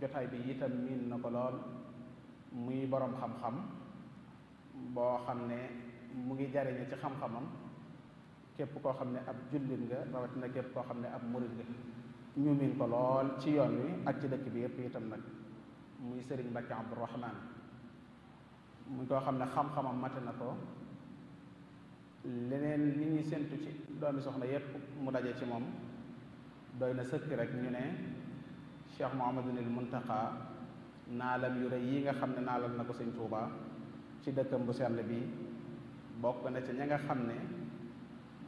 jotaay bi itam miin na ko lool muy boroom xam-xam boo xam ne mu ngi jariñe ci xam-xamam képp koo xam ne ab jullit nga rawatina képp koo xam ne ab murit nga ñu miin ko lool ci yoon wi ak ci dëkk bi yëpp itam nag muy Serigne Mbacke Abdou Rahman muy koo xam ne xam-xamam mate na ko leneen li ñuy séntu ci doomi soxna yëpp mu daje ci moom doy na sëkk rek ñu ne cheikh Mouhamadunil Muntaqa naalam yu rek yi nga xam ne naalal na ko sëñ Touba ci dëkkam bu sell bi bokk na ci ña nga xam ne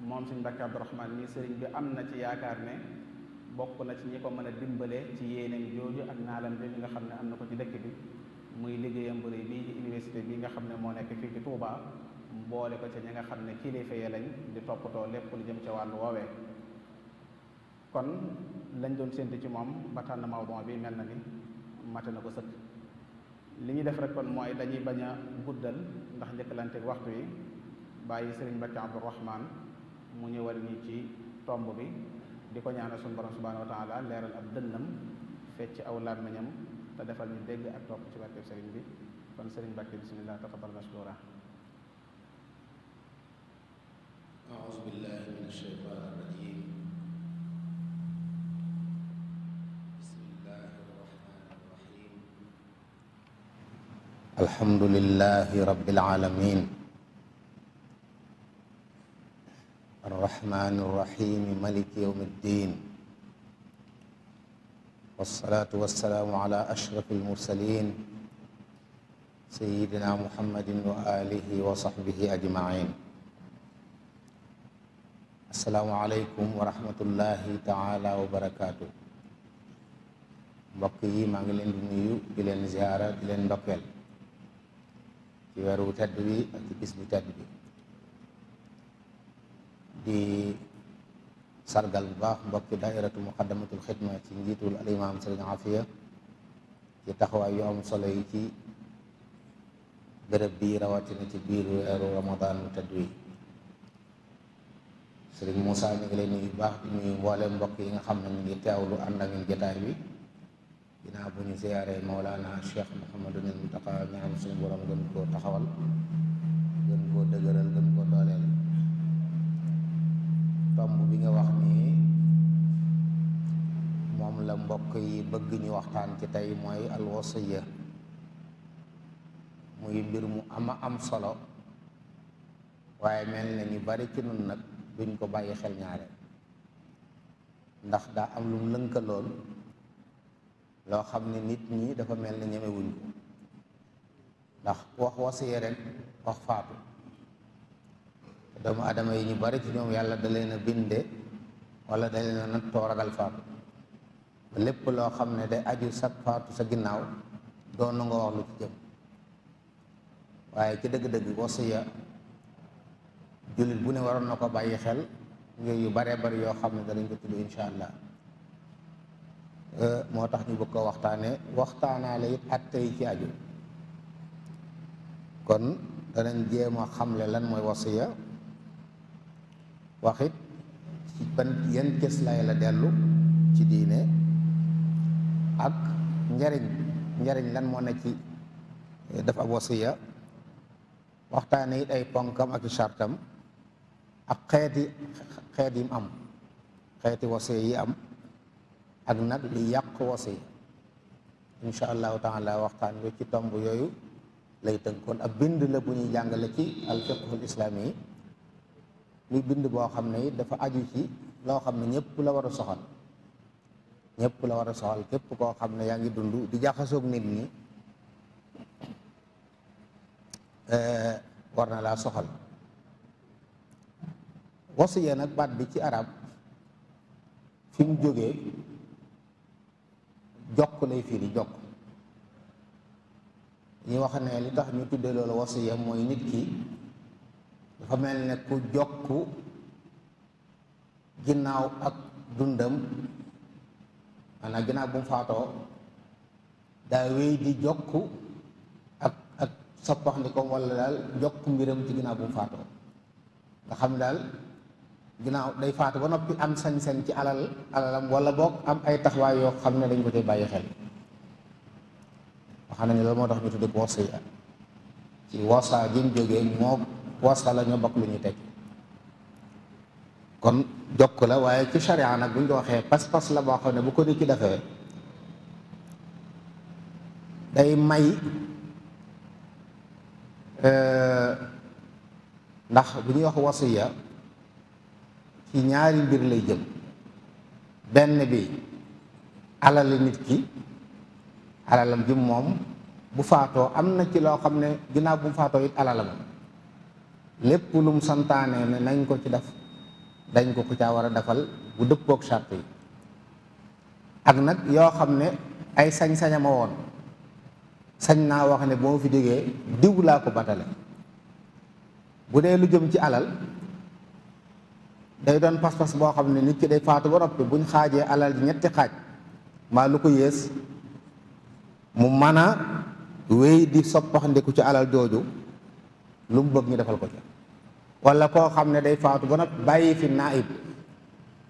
moom sëñ Mbàkke Abdourahmane mi sëriñ bi am na ci yaakaar ne bokk na ci ñi ko mën a dimbale ci yéeneem jooju ak naalam jooju nga xam ne am na ko ci dëkk bi muy liggéeyam bu rëy bii ci université bi nga xam ne moo nekk fii ci Touba mboole ko ci ñi nga xam ne kilifa yi lañ di toppatoo lépp lu jëm ca wàllu woowee kon lañ doon séntu ci moom ba tànn mawdon bi mel na ni mate na ko sëkk li ñuy def rek kon mooy dañuy bañ a guddal ndax njëkkalanteeg waxtu yi bàyyi sëriñ Mbacke abdourahman mu ñëwal ni ci tomb bi di ko ñaanal sun borom subhanahu wa taala leeral ab dënnam fecc aw làmmiñam te defal ñu dégg ak topp ci barkeb sëriñ bi kon sëriñ Mbacke bismillah taqabal mashkura أعوذ بالله من الشيطان الرجيم الحمد لله رب العالمين الرحمن الرحيم ملك يوم الدين والصلاة والسلام على أشرف المرسلين سيدنا محمد وآله وصحبه أجمعين السلام عليكم ورحمة الله تعالى وبركاته بقي yi maa ngi زيارة di بقل ci weer wu tedd bi ak ci bis bu tedd bi di sargal bu baax mbokki daairatu muqaddamatul xidma ci njiitu al imam afiya ci taxawaay yu am solo yi ci bërëb bi rawatina ci biir weeru ramadan wu tedd wi sëriñ Moussa ñu ngi lay nuyu baax di nuyu mboolem mbokk yi nga xam ne ñu ngi teewlu ànd ak ñun bi ginnaaw bu ñu ziyaaree Mawlana Cheikh Mouhamadul Mountakha ñaan suñu borom gën koo taxawal gën koo dëgëral gën koo dooleel tomb bi nga wax ni moom la mbokk yi bëgg ñu waxtaan ci tey mooy alwasiya muy mbir mu ama am solo waaye mel na ñu bari ci nun nag duñ ko bàyyi xel ñaare ndax daa am lu mu lool lo xamni nit ñi dafa melni ñame wuñ ko ndax wax wasiya rek wax faatu dama adama yi ñu bari ci ñoom yalla da leena a binde wala da leena na nattoo ragal faatu lepp lo xamne day aju sa faatu sa ginnaw do na nga wax lu ci jëm waye ci deug dëgg wasiya jullit bu ne waron nako ko xel ngey yu bare bare yo xamne da lañ ko tuddu inshallah Euh, moo tax ñu bëgg ko waxtaane waxtaanaale it at tey ci aju kon danañ jéem a xamle lan mooy wasiya wax it ci yan gës lay la dellu ci diine ak njariñ njariñ lan moo ne ci dafa ab wasiya waxtaane it ay ponkam ak i chartam ak xeeti xeet yim am xeeti wasiya yi am ak nak li yàq wasi inshallah taala waxtaan wi ci tombu yoyu lay teunkon ab bind la buñu jangale ci al fiqh al islami muy bind bo xam dafa aju ci lo xam ñepp la wara soxal ñepp la wara soxal kep ko xam ya ngi dundu di jaxasoog nit ni war na soxal wasiya nag bi ci arab fim joge jokk lay firi jokk ñu wax ne li tax ñu tuddee loolu wasiya mooy nit ki dafa mel ne ku jokk ginnaaw ak dundam maanaam ginnaaw bu mu faatoo daa wéy di jokk ak ak soppax ni ko walla daal jokk mbiram ci ginnaaw bu mu faatoo nga xam daal ginnaaw day faatu ba noppi am sañ-sañ ci alal alalam wala boog am ay taxawaay yoo xam ne dañ ko tey bàyyi xel waxam nañu loolu moo tax ñu tudde ko wasiya ci wasa ji mu jógee moo wasa la ñoo bokk lu ñu teg kon jokk la waaye ci charia nag buñ ko waxee pas-pas la boo xam ne bu ko nit ki defee day may euh, ndax bu ñuy wax wasiya ci ñaari mbir lay jëm benn bi alali nit ki alalam ji moom bu faatoo am na ci loo xam ne ginnaaw bu mu faatoo it alalam lépp lu santaane ne nañ ko ci def dañ ko ko caa war a defal bu dëppook charte yi ak nag yoo xam ne ay sañ-sañama woon sañ naa wax ne boo fi jógee diw laa ko batale bu dee lu jëm ci alal day doon pas-pas boo xam ne nit ki day faatu ba noppi buñ xaajee alal ji ñetti xaaj mbaa lu ko yées mu mën a wéy di soppaxndiku ci alal jooju lu mu bëgg ñu defal ko ci walla koo xam ne day faatu ba noppi bàyyi fi naayib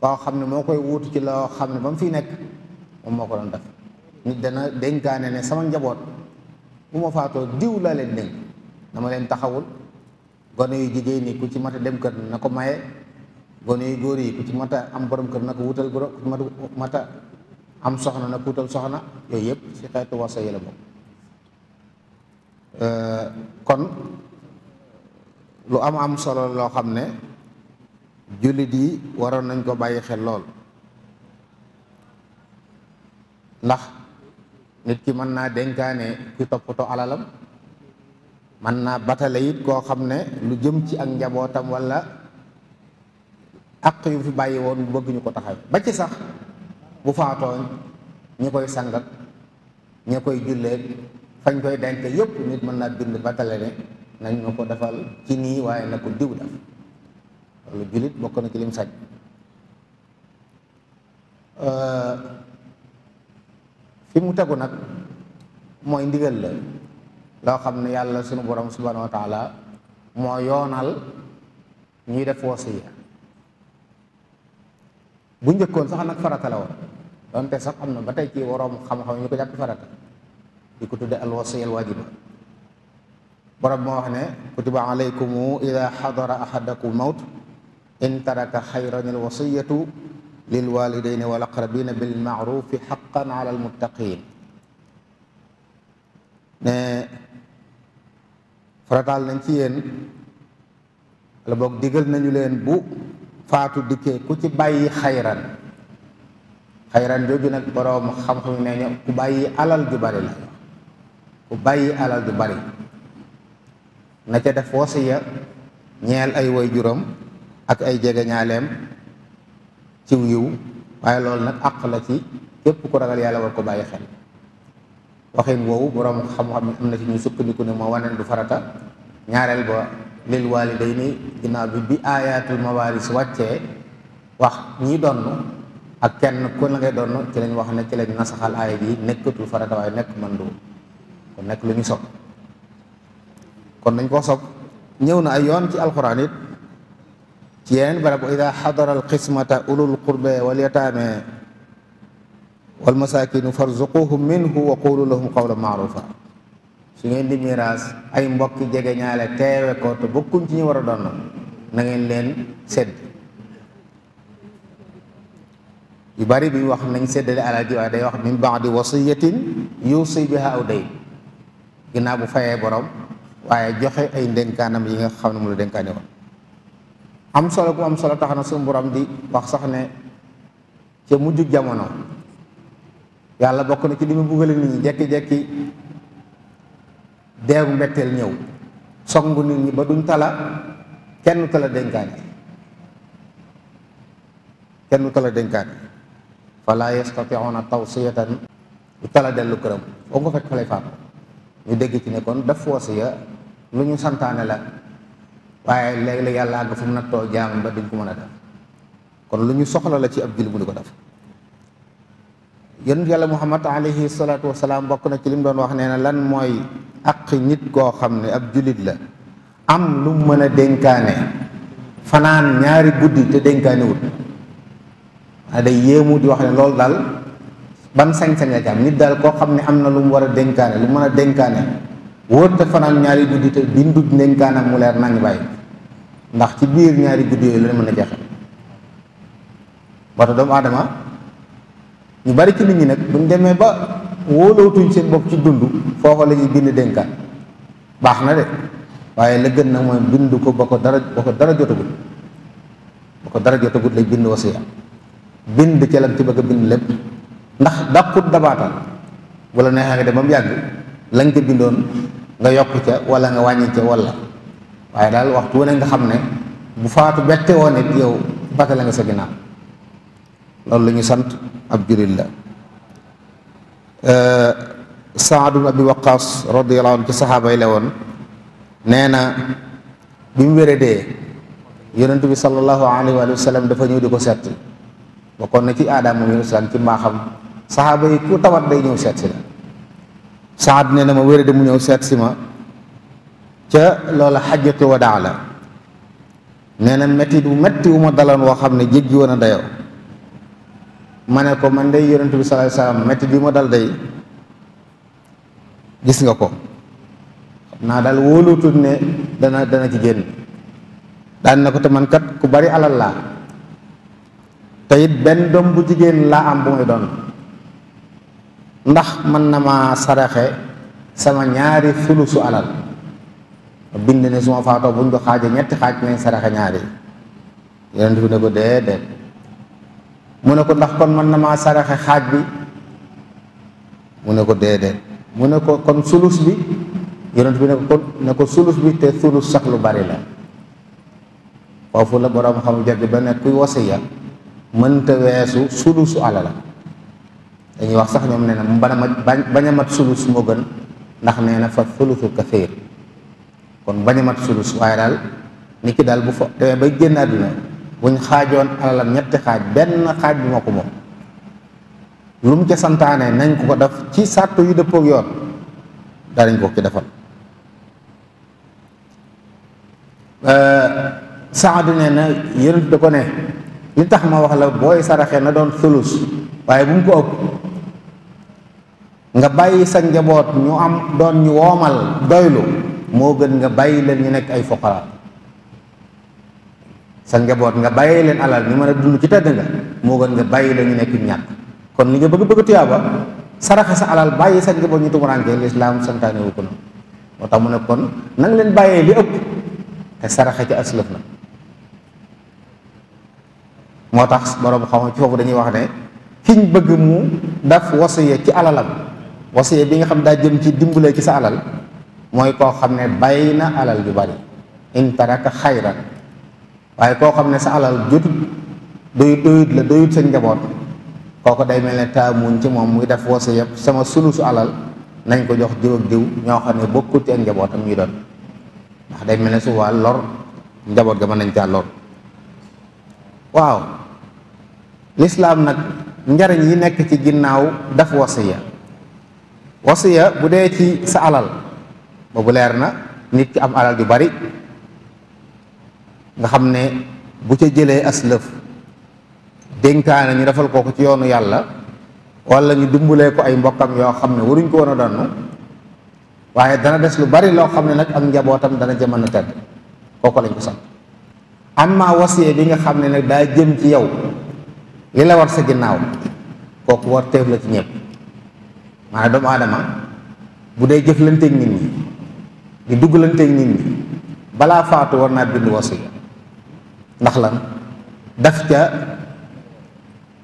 koo xam ne moo koy wuutu ci loo xam ne ba mu fiy nekk moom moo ko doon def nit dana dénkaane ne sama njaboot bu ma faatoo diw laa leen dénk dama leen taxawul gone yu jigéen ñi ku ci mat a dem kër na ko maye gone yu góor yi ku ci mata am borom kër na ko wutal borom ku ci mata am soxna na ko wutal soxna yooyu yëpp ci xeetu wasa yi la bokk euh, kon lu am am solo loo xam ne jullit yi waroon nañ ko bàyyi xel lool ndax nit ki mën naa dénkaane ki toppatoo alalam mën naa batale it koo xam ne lu jëm ci ak njabootam walla ak yu fi bàyyi woon bëgg ñu ko taxaw ba ci sax bu faatoo ñi koy sangat ñi koy jullee fañ koy denc yépp nit mën naa bind ba ne nañ ko defal ci nii waaye na ko diw def loolu jullit bokk na ci lim sañ fi mu tegu nag mooy ndigal la loo xam ne yàlla sunu borom subhanahu wa taala moo yoonal ñuy def wasiya bu njëkkoon sax nag farata la woon donte sax am na ba tey ci waroom xam-xam ñu ko jàpp farata di ko tudde al wasiya al wajiba borom wax ne kutiba alaykum ida xadara ahadakum mawt in taraka xayran al wasiyatu lil walidayni wal aqrabina bil maarufi xaqan ala al muttaqin ne farataal nañ ci yéen la boog digal nañu leen bu faatu dikkee ku ci bàyyi xayran xayran jooju nag boroom xam-xam ne ñu ku bàyyi alal ju bari la ku bàyyi alal ju bari na ca def wasiya ñeel ay woy juróom ak ay jegeñaaleem ci yiw waaye loolu nag àq la ci képp ku ragal yàlla war ko bàyyi xel waxin woowu boroom xam-xam am na ci ñuy sukkandiku ne moo waneen du farata ñaareel ba lil waalidayni ginnaaw bi bi aayaatul mawaaris wàccee wax ñi donn ak kenn ku la ngay donn ci lañ wax ne ci lañ nasaxal aaya ji nekkatul farata waaye nekk mandu kon nekk lu ñu sopp kon dañ koo sopp ñëw na ay yoon ci alxuraan it ci yeneen barab ida xadara alqismata ulul qurbe wal yataame wal masaakinu farzuquhum minhu wa qulu lahum qawlan maarufa su ngeen di miraas ay mbokki jege ñaale teewe ko te bokkuñ ci ñu war a doon na ngeen leen sedd yu bari bi wax nañ seddale alal ji waaye day wax ni min ba'di wasiyatin yuusi biha aw dayn ginnaaw bu fayee borom waaye joxe ay ndënkaanam yi nga xam ne mu la dénkaane am solo ku am solo tax na suñu borom di wax sax ne ca mujj jamono yàlla bokk na ci li mu bugale nit jekki-jekki deegu mbetteel ñëw ngu nit ñi ba duñ tala kenn tala dénkaane kenn tala dénkaane fala yastatiuna tawsiyatan du tala dellu këram foo ko fekk fa lay faatu ñu dégg ci ne kon daf wasiya lu ñu santaane la waaye léeg-léeg yàlla àgg fu mu tool jaam ba duñ ko mën a def kon lu ñu soxla la ci ab jullit bu di ko def yonent yàlla muhammad alayhi salaatu wasalaam bokk na ci lim doon wax nee na lan mooy ak nit koo xam ne ab jullit la am lu mën a dénkaane fanaan ñaari guddi te dénkaanewut a day yéemu di wax ne loolu daal ban sañ-sañ la ci nit daal koo xam ne am na lu mu war a dénkaane lu mën a dénkaane wóor te fanaan ñaari guddi te bindut dénkaanam mu leer nañ bàyyi ndax ci biir ñaari guddi yooyu la mën a jeexal wata doomu aadama ñu bari ci nit ñi nag buñ demee ba wóolootuñ seen bopp ci dund foofa lañuy ñuy bind dénkaat baax na de waaye la gën nag mooy bind ko ba ko dara ba ko dara jotagut ba ko dara jotagut lay bind wasiya bind ca ci bëgg a bind lépp ndax dàqut dabaatal bu la neexee nga dem ba mu yàgg la nga bindoon nga yokk ca wala nga wàññi ca wala waaye daal waxtu wu nga xam ne bu faatu bette woon it yow batale nga sa ginnaaw loolu la ñu sant ab jullit la euh, Saad ibn Abi Waqaas radiyallahu anhu ci saxaaba yi la woon nee na bi mu wéradee yonent bi sallallahu alayhi wa sallam dafa ñëw di ko seet bokkoon na ci aadaam moom islam ci maaxam saxaaba yi ku ñëw seet si la Saad nee na ma wérade mu ñëw seet si ma ca loola xajjatu wadaa wa daala na métti bu métti wu ma daloon woo xam ne jéggi woon a dayoo ma ne ko man day yonent bi sallallahu alayhi wasallam metti bi ma dal day gis nga ko naa dal wóolutul ne dana dana ci génn na ko te man kat ku bari alal laa te benn doom bu jigéen laa am bu may doon ndax man na ma saraxe sama ñaari sulusu alal bind ne su ma faatoo buñ ko xaaje ñetti xaaj nañ saraxe ñaari yonent bi ne ko déedéet Muneko ndax kon man na maa saraxe xaj bi muneko ne muneko kon sulus bi yonent bi neko sulus bi te sulus sax lu bari la fofu la borom xam jot ba nek kuy wasiya mënta weesu sulusu alala dañuy wax sax ñom neena na baña mat sulus mo gën ndax neena fa sulusu kathir kon baña mat sulus way dal niki dal bu fa te ba buñ xaajoon alalam ñetti xaaj benn xaaj bi moo ko moom lu mu ca santaane nañ ko ko def ci sàttu yu dëppoog yoon danañ ko ci defal euh, saadu ne na yonent da ko ne li tax ma wax la booy saraxee na doon sulus waaye bu mu ko ëpp nga bàyyi sa njaboot ñu am doon ñu woomal doylu moo gën nga bàyyi leen ñu nekk ay foqara sa bot nga baye len alal ni meuna kita dund ci tedd nga mo gën nga baye la ñu nekk ñak kon ni nga bëgg bëgg tuyaaba saraxa sa alal bayi sa bot ñu tumuraanke l'islam santane wu ko no moo mu ne kon nang len baye li ëpp te saraxa ci aslaf na moo tax borom xam ci fofu dañuy wax ne fiñ bëgg mu daf wasiya ci alalam wasiya bi nga xam da jëm ci dimbulé ci sa alal moy ko xamne bayina alal ju bari in taraka khayran waye ko xamne sa alal jut doy doyut la doyut sa njaboot koko day mel ne taamuñ ci mom muy def woosa yeb sama sulu su alal nañ ko jox diw diw ño xamne ne bokkut ci ak am ñu doon ndax day mel su wal lor njaboot ga man lor waaw l'islam nak njariñ yi nek ci ginnaw daf wasiya wasiya budé ci sa alal boobu leer na nit ki am alal ju bari nga xam ne bu ca jëlee as lëf dénkaane ñu defal kooku ci yoonu yàlla wala ñu dimbalee ko ay mbokkam yoo xam ne waruñ ko woon a donn waaye dana des lu bari loo xam ne nag am njabootam dana jamono tedd kooku lañ ko sant amma wasiye bi nga xam ne nag daa jëm ci yow li la war sa ginnaaw kooku war teef la ci ñëpp maanaam doomu aadama bu dee jëflanteeg nit ñi di duggalanteeg nit ñi balaa faatu war naa bind wasiya ndax lan daf ca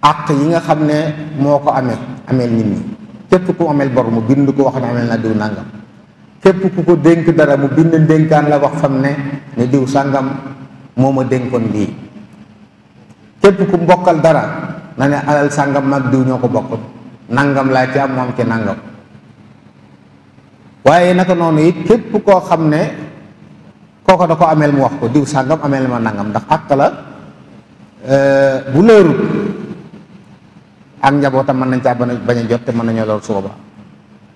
àq yi nga xam ne moo ko amee ameel nit ñi képp ku ameel bor mu bind ko wax ne ameel na diw nàngam képp ku ko dénk dara mu bind dénkaan la wax fam ne ne diw sàngam moo ma dénkoon lii képp ku mbokkal dara na ne alal sàngam mag diw ñoo ko bokkut nàngam laa ci am moom ci nàngam waaye naka noonu it képp koo xam ne koko da amel ameel mu wax ko diw sangam amel ma nangam ndax àq la bu leeru ak njabootam man nañ caa bañ a jot te mën nañoo lool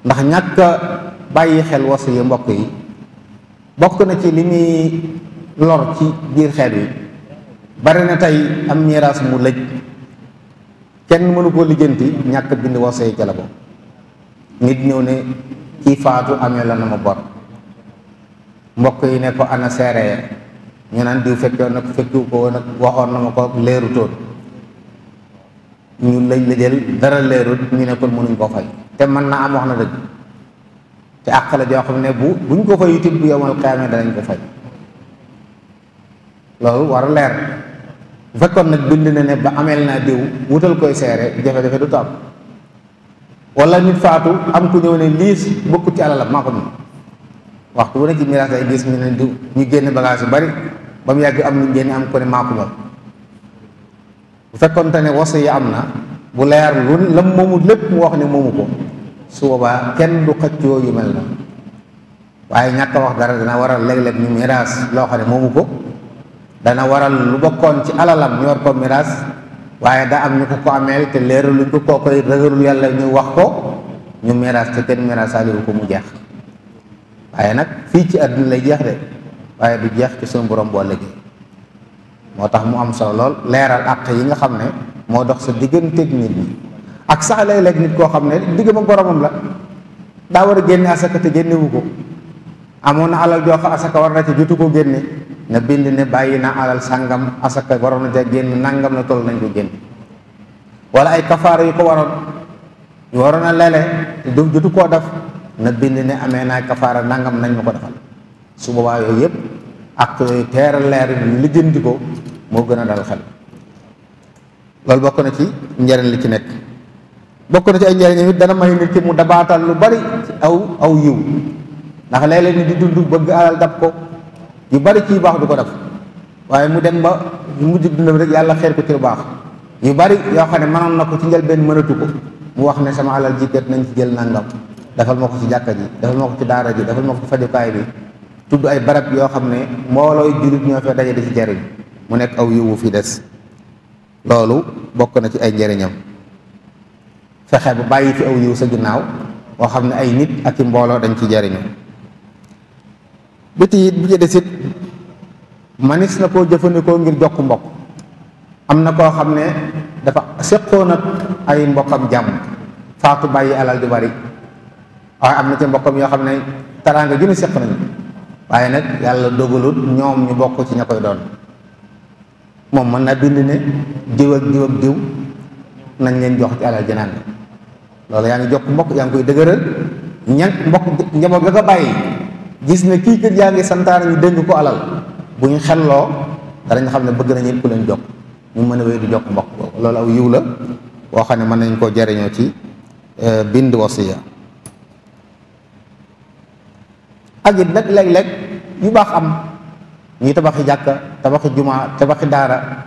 ndax ñak bayyi xel wasu yi mbokk yi bokk na ci limi lor ci bir xel yi bari na tay am mirage mu lëj kenn mënu ko lijeenti ñak bind wasu yi la nit ñew ne faatu na ma bor mbokk yi ne ko ana seere ya ñu naan diw fekkoon nag fekkiwu ko woon waxoon na ma ko leerutoon ñu lañ la dara leerut ñu nekkoon kon mënuñ koo fay te mën naa am wax na dëgg te àq joo xam ne bu buñ ko fay itam bu yomal xeamee danañ ko fay loolu war a leer bu fekkoon nag bind na ne ba ameel naa diw wutal koy seere jafe-jafe du taam wala nit faatu am ku ñëw ne lii bokku ci alalam maa ko moom waxtu wu ne ci miraas ay gis ñu ne ñu genn bagage bari bam am ñu genn am ko ne mako ba bu fekkoon te ne wasu bu leer lu lam momu lepp mu wax ne momu ko su baba kenn du yo yu mel wax dara dana waral leg leg ñu miraas lo xane momu ko dana waral lu bokkon ci alalam ñor ko waye da am ñuko ko amel te leer lu ko ko koy rëgërul yàlla ñu wax ko ñu te ken ali ko mu jeex waaye nag fii ci àdduna lay jeex de waaye du jeex ci suñu borom boo liggéey moo tax mu am solo lool leeral àq yi nga xam ne moo dox sa digganteeg nit ñi ak sax léeg-léeg nit koo xam ne digg ma boromam la daa war a génne asaka te génnewu ko amoon na alal joo xam asaka war na ci jotu ko génne na bind ne bàyyi na alal sàngam asaka waroon na ca génn nangam na toll nañ ko génn wala ay kafaara yu ko waroon ñu waroon a lele te jotu koo def na bind ne amee naa kafaara nangam nañ ma ko defal su boobaa yooyu yëpp ak yooyu teer leer lijjanti ko moo gën a dal xel loolu bokk na ci njariñ li ci nekk bokk na ci ay njariñ it dana may nit ki mu dabaatal lu bari aw aw yiw ndax léeg-léeg nit di dund bëgg alal dab ko yu bari ci baax du ko def waaye mu dem ba mujj dundam rek yàlla xeer ko ci lu baax yu bari yoo xam ne mënoon na ko ci njëlbeen mënatu ko mu wax ne sama alal ji kat nañ ci jël nangam defal ma ko ci jàkka ji dafal ma ci daara ji dafal mook ko ci fajukaay bi tudd ay barab yoo xam ne mboolooy jullit ñoo fee daje di ci jariñ mu nekk aw yiwu fi des loolu bokk na ci ay njariñam fexe bu bàyyi fi aw yiw sa ginnaaw woo xam ne ay nit ak i mbooloo dañ ci jariñu biti it bi ci desit manis na koo jëfandikoo ngir jokk mbokk am na koo xam ne dafa séqoon ak ay mbokkam jàmm faatu bàyyi alal di bari waaye amna ci mbokam yo xamne taranga taraanga sekk nañu waye nak yalla dogulut ñom ñu bokku ci ñakoy doon mom man na bind ne diw ak diw ak diw nañ leen jox ci alal janan lolu yaangi jox jokk mbokk yaa koy degeural ñan mbokk ñamo ga ko gis na ki keur yaangi santara ñu dénk ko alal bu ñu xelloo danañ xam ne bëgg nañu ku leen jox ñu mëna a wéy di jokk mbokk loolu aw yiw la wo xam man nañ ko jariñoo ci euh, bind wasiya ak nag léeg-léeg yu baax am ñi tabaxi jàkk tabaxi jumaa tabaxi daara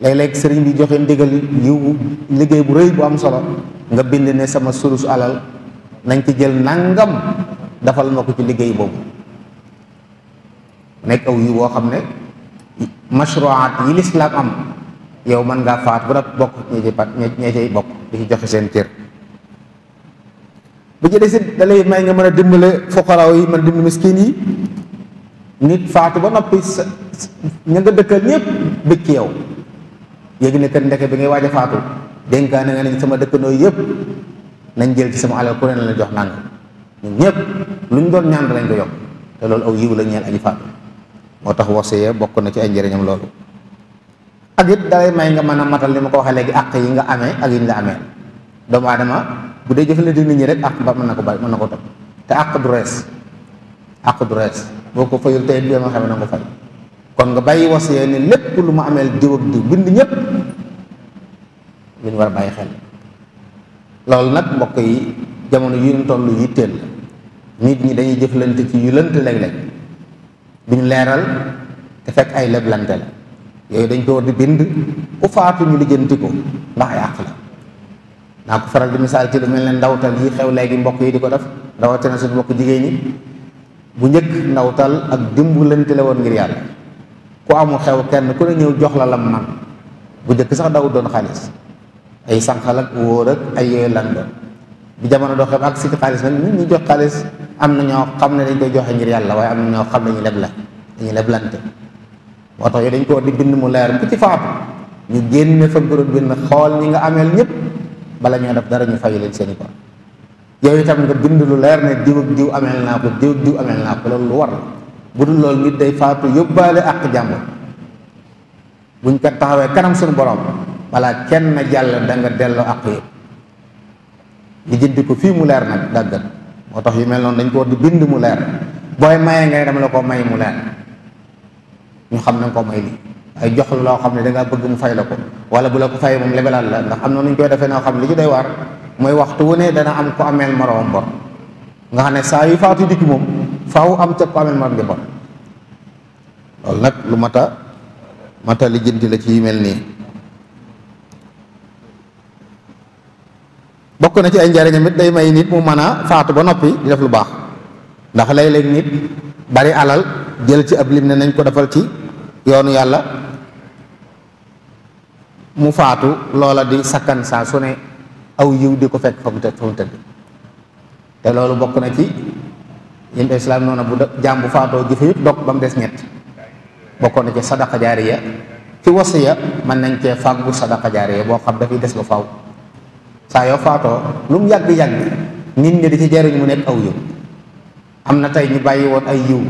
léeg lekk sëriñ bi joxe ndigal yiw liggéey bu rëy bu am solo nga bind ne sama surus alal nañ ci jël nangam dafal ma ko ci liggéey boobu nekk aw yiw woo xam ne mashruaat yi lislaam am yow mën ngaa faat bu nag bokk ñee ñee ci bokk di ci joxe seen cër bu ci desit da lay may nga mëna dimbalé fuqara yi mën dimbale miskini nit faatu ba nopi ña nga dëkkal ñepp bi ci yow yegg ne kat ndeké bi ngay waja faatu denka na nga ni sama no yépp nañ jël ci sama alal ko leen la jox nang ñun ñepp luñ doon ñaan lañ ko yokk té lool aw yiwu la ñeel aji faatu motax wasiya bokk na ci ay jëriñam lool ak it dalay may nga mëna matal limako waxé légui ak yi nga amé ak yi nga amé doom aadama bu dee jëfandikoo nit ñi rek àq ba mën na ko bàyyi mën na ko toj te àq du rees àq du rees boo ko fayul tey bi nga xam ne na nga ko fay kon nga bàyyi wasiyee ni lépp lu ma ameel diw ak diw bind ñépp lu ñu war a bàyyi xel loolu nag mbokk yi jamono yu ñu toll yitteel la nit ñi dañuy jëflante ci yu lënt léeg-léeg duñ leeral te fekk ay leblante la yooyu dañ ko di bind ku faatu ñu lijjanti ko ndax ay àq la naa ko faral di misaal ci lu mel ne ndawtal yi xew léegi mbokk yi di ko def rawatina suñu mbokk jigéen ñi bu njëkk ndawtal ak dimbalante la woon ngir yàlla ku amul xew kenn ku ne ñëw jox la lam man bu njëkk sax daw doon xaalis ay sànqal ay yooyu jamono doo xam ak si xaalis nag nit ñi jox xaalis am na ñoo xam ne dañ koy joxe ngir yàlla waaye am na ñoo xam ne ñu leb la dañu leblante moo tax yooyu dañ ko war di bind mu leer ku ci faatu ñu génne fa groupe bi xool ñi nga ameel ñëpp bala ñu def dara ñu fayu leen seen i yow itam nga bind lu leer ne diw ak diw amel na ko diw diw amel na ko loolu lu war bu dul nit day faatu yobale ak jamm buñ ko taxawé kanam suñu borom bala kenn jall da nga delloo ak di jindi ko fi mu leer nak daggal motax yu mel non dañ ko di bind mu leer boy maye ngay dama la ko may mu leer ñu xam nañ ko may jox la loo xam ne da bëgg mu fay la ko wala bu la ko fay moom lebelaat la ndax am na nu ñu koy defee noo xam ne li ci doy waar mooy waxtu wu ne dana am ko ameel moroom bor nga xam ne saa yu faatu dikk moom faaw am ca ko ameel moroom di bor loolu nag lu mata mata li jënti la ci yu mel nii bokk na ci ay njariñam it day may nit mu mën a faatu ba noppi di def lu baax ndax léeg-léeg nit bari alal jël ci ab lim ne nañ ko defal ci yoonu yàlla mu faatu loola di sakkan saa su ne aw yiw di ko fekk fa mu tëdd te loolu bokk na ci yéen islam noonu bu jaam bu faatoo jëfe yëpp dog ba mu des ñett bokkoon na ci sadaqa jaariya ci wasiya man nañ cee fàggu sadaqa jaariya boo xam dafay des ba faaw saa yoo faatoo lu mu yàgg yàgg nit ñi di ci jariñ mu nekk aw yiw am na tey ñu bàyyi woon ay yiw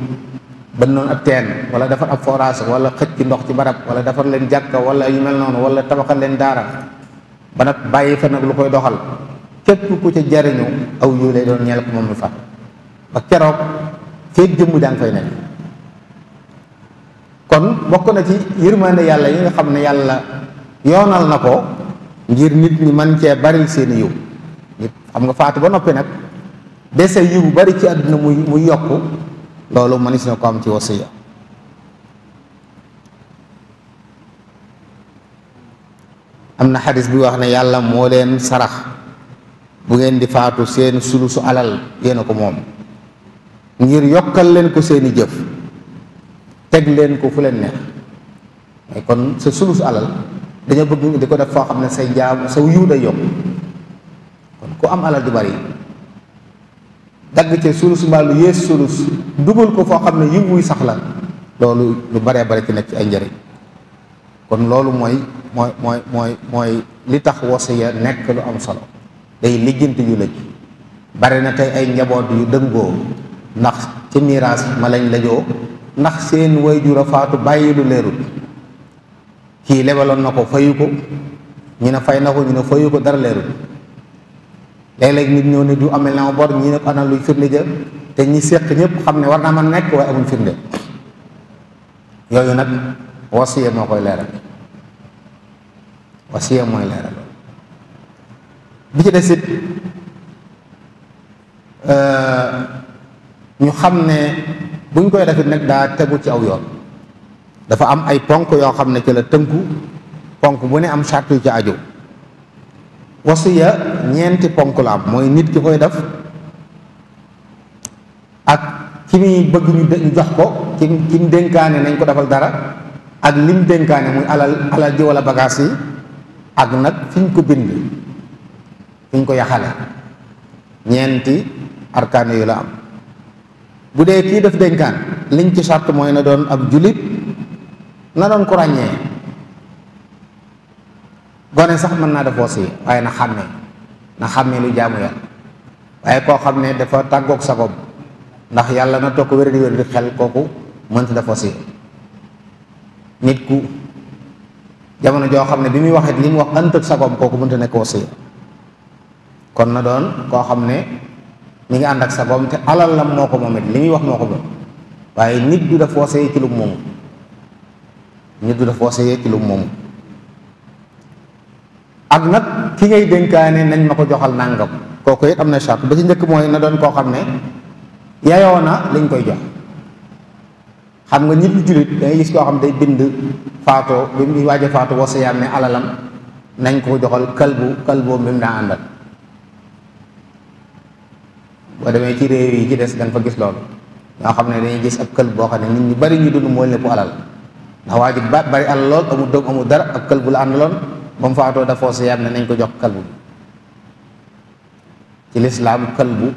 ban noonu ab teen wala defar ab forage wala xëj ci ndox ci barab wala defar leen jàkka wala yu mel noonu wala tabaxal leen daara ba nag bàyyi fa nag lu koy doxal képp ku ca jariñu aw yu lay doon ñeel ko moom mi fa ba keroog feeg jëmm jaa ngi fay nekk kon bokk na ci yërmande yàlla yi nga xam ne yàlla yoonal na ko ngir nit ñi man cee bari seen yiw nit xam nga faatu ba noppi nag dese yiw bari ci àdduna muy muy yokk Lalu manisnya na ko am ci wasiya amna na xadis bi wax ne sarax bu ngeen di faatu seen sulusu alal yéen ko ngir yokal len ko seeni jëf teg len ko fu neex kon sa sulusu alal dengan bëgg di ko def foo xam ne say kon ku am alal du bari dagg ca sulus mbaa lu yées sulus dugal ko foo xam ne yiw wuy sax la loolu lu baree bare ci nekk ci ay njëriñ kon loolu mooy mooy mooy li tax wasiya nekk lu am solo day lijjanti yu lëj bare na tey ay njaboot yu dëngoo ndax ci miraas ma lañ lajoo ndax seen wayjur a faatu bàyyi lu leerul kii lebaloon na ko fayu ko ñu ne fay na ko ñu ne fayu ko dara leerul léeg-léeg nit ñëw ne du amee na ma bor ñii ne ko ana luy firnde te ñi séq ñëpp xam ne war naa nekk waaye amul firnde yooyu nag wasiya moo koy leeral wasiya mooy leeral bi ci des it euh, ñu xam ne buñ koy def it daa tegu ci aw yoon dafa am ay ponk yoo xam ne ci la tënku ponk bu ne am charte yu ci aju wasiya ñeenti ponk la am mooy nit ki koy def ak ki muy bëgg ñu jox ko ki ki mu dénkaane nañ ko defal dara ak li mu muy alal alal ji wala bagaas yi ak nag fi ñu ko bind fi ñu ko yaxale ñeenti arkaani yu la am bu dee kii def dénkaan liñ ci sart mooy na doon ab julit na doon ko ràññee gone sax mën naa def wasi waaye na xàmmee na xàmmee lu jaamu yàlla waaye koo xam ne dafa tàggook sagoom ndax yàlla na toog ko wér di wér di xel kooku mënta def wasi nit ku jamono joo xam ne bi muy waxit li mu wax ëntëg sagoom kooku mënta nekk wasi kon na doon koo xam ne mi ngi ànd ak sagoom te alal la moo ko moom it li muy wax moo ko moom waaye nit du def wasi ci lu moomu nit du def wasi ci lu mu moomu ak nak ki ngay denkaane nañ ma ko joxal nangam koku it am na ba ci ndek moy na doon ko xamne ne na liñ koy jox xam nga nit julit day gis ko xam day bind faato bi mu waje faato wo sa ne alalam nañ ko joxal kalbu kalbu bi da andal àndal demé ci rew yi ci dess dañ fa gis lool nga xamne ne dañuy gis ak kalbu bo xamne ne nit ñi bari ñi dund mooy lépp alal ndax waji bari alal lool amul doom dara ak kalbu la andalon ba mu faatoo dafoo siyaat ne nañ ko jox kalbu bi ci lislaam kalbu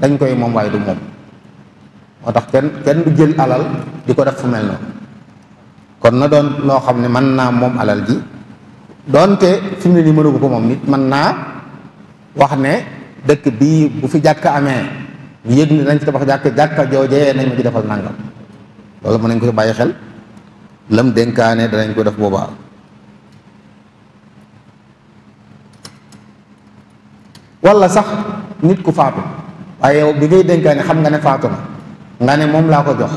dañ koy moom waaye du moom moo tax kenn kenn du jël alal di ko def fu mel noonu kon na doon loo xam ne mën naa moom alal ji doonte fi mu ne nii mënagu ko moom nit man naa wax ne dëkk bii bu fi jàkk amee bu yëg ni nañ ci jàkk jàkka jàkka joojee nañ ma ci defal nàngam loolu mën nañ ko bàyyi xel lam dénkaane danañ ko def boobaa wala sax nit ku faatu waaye yow bi ngay dénkaane xam nga ne faatu na nga ne moom laa ko jox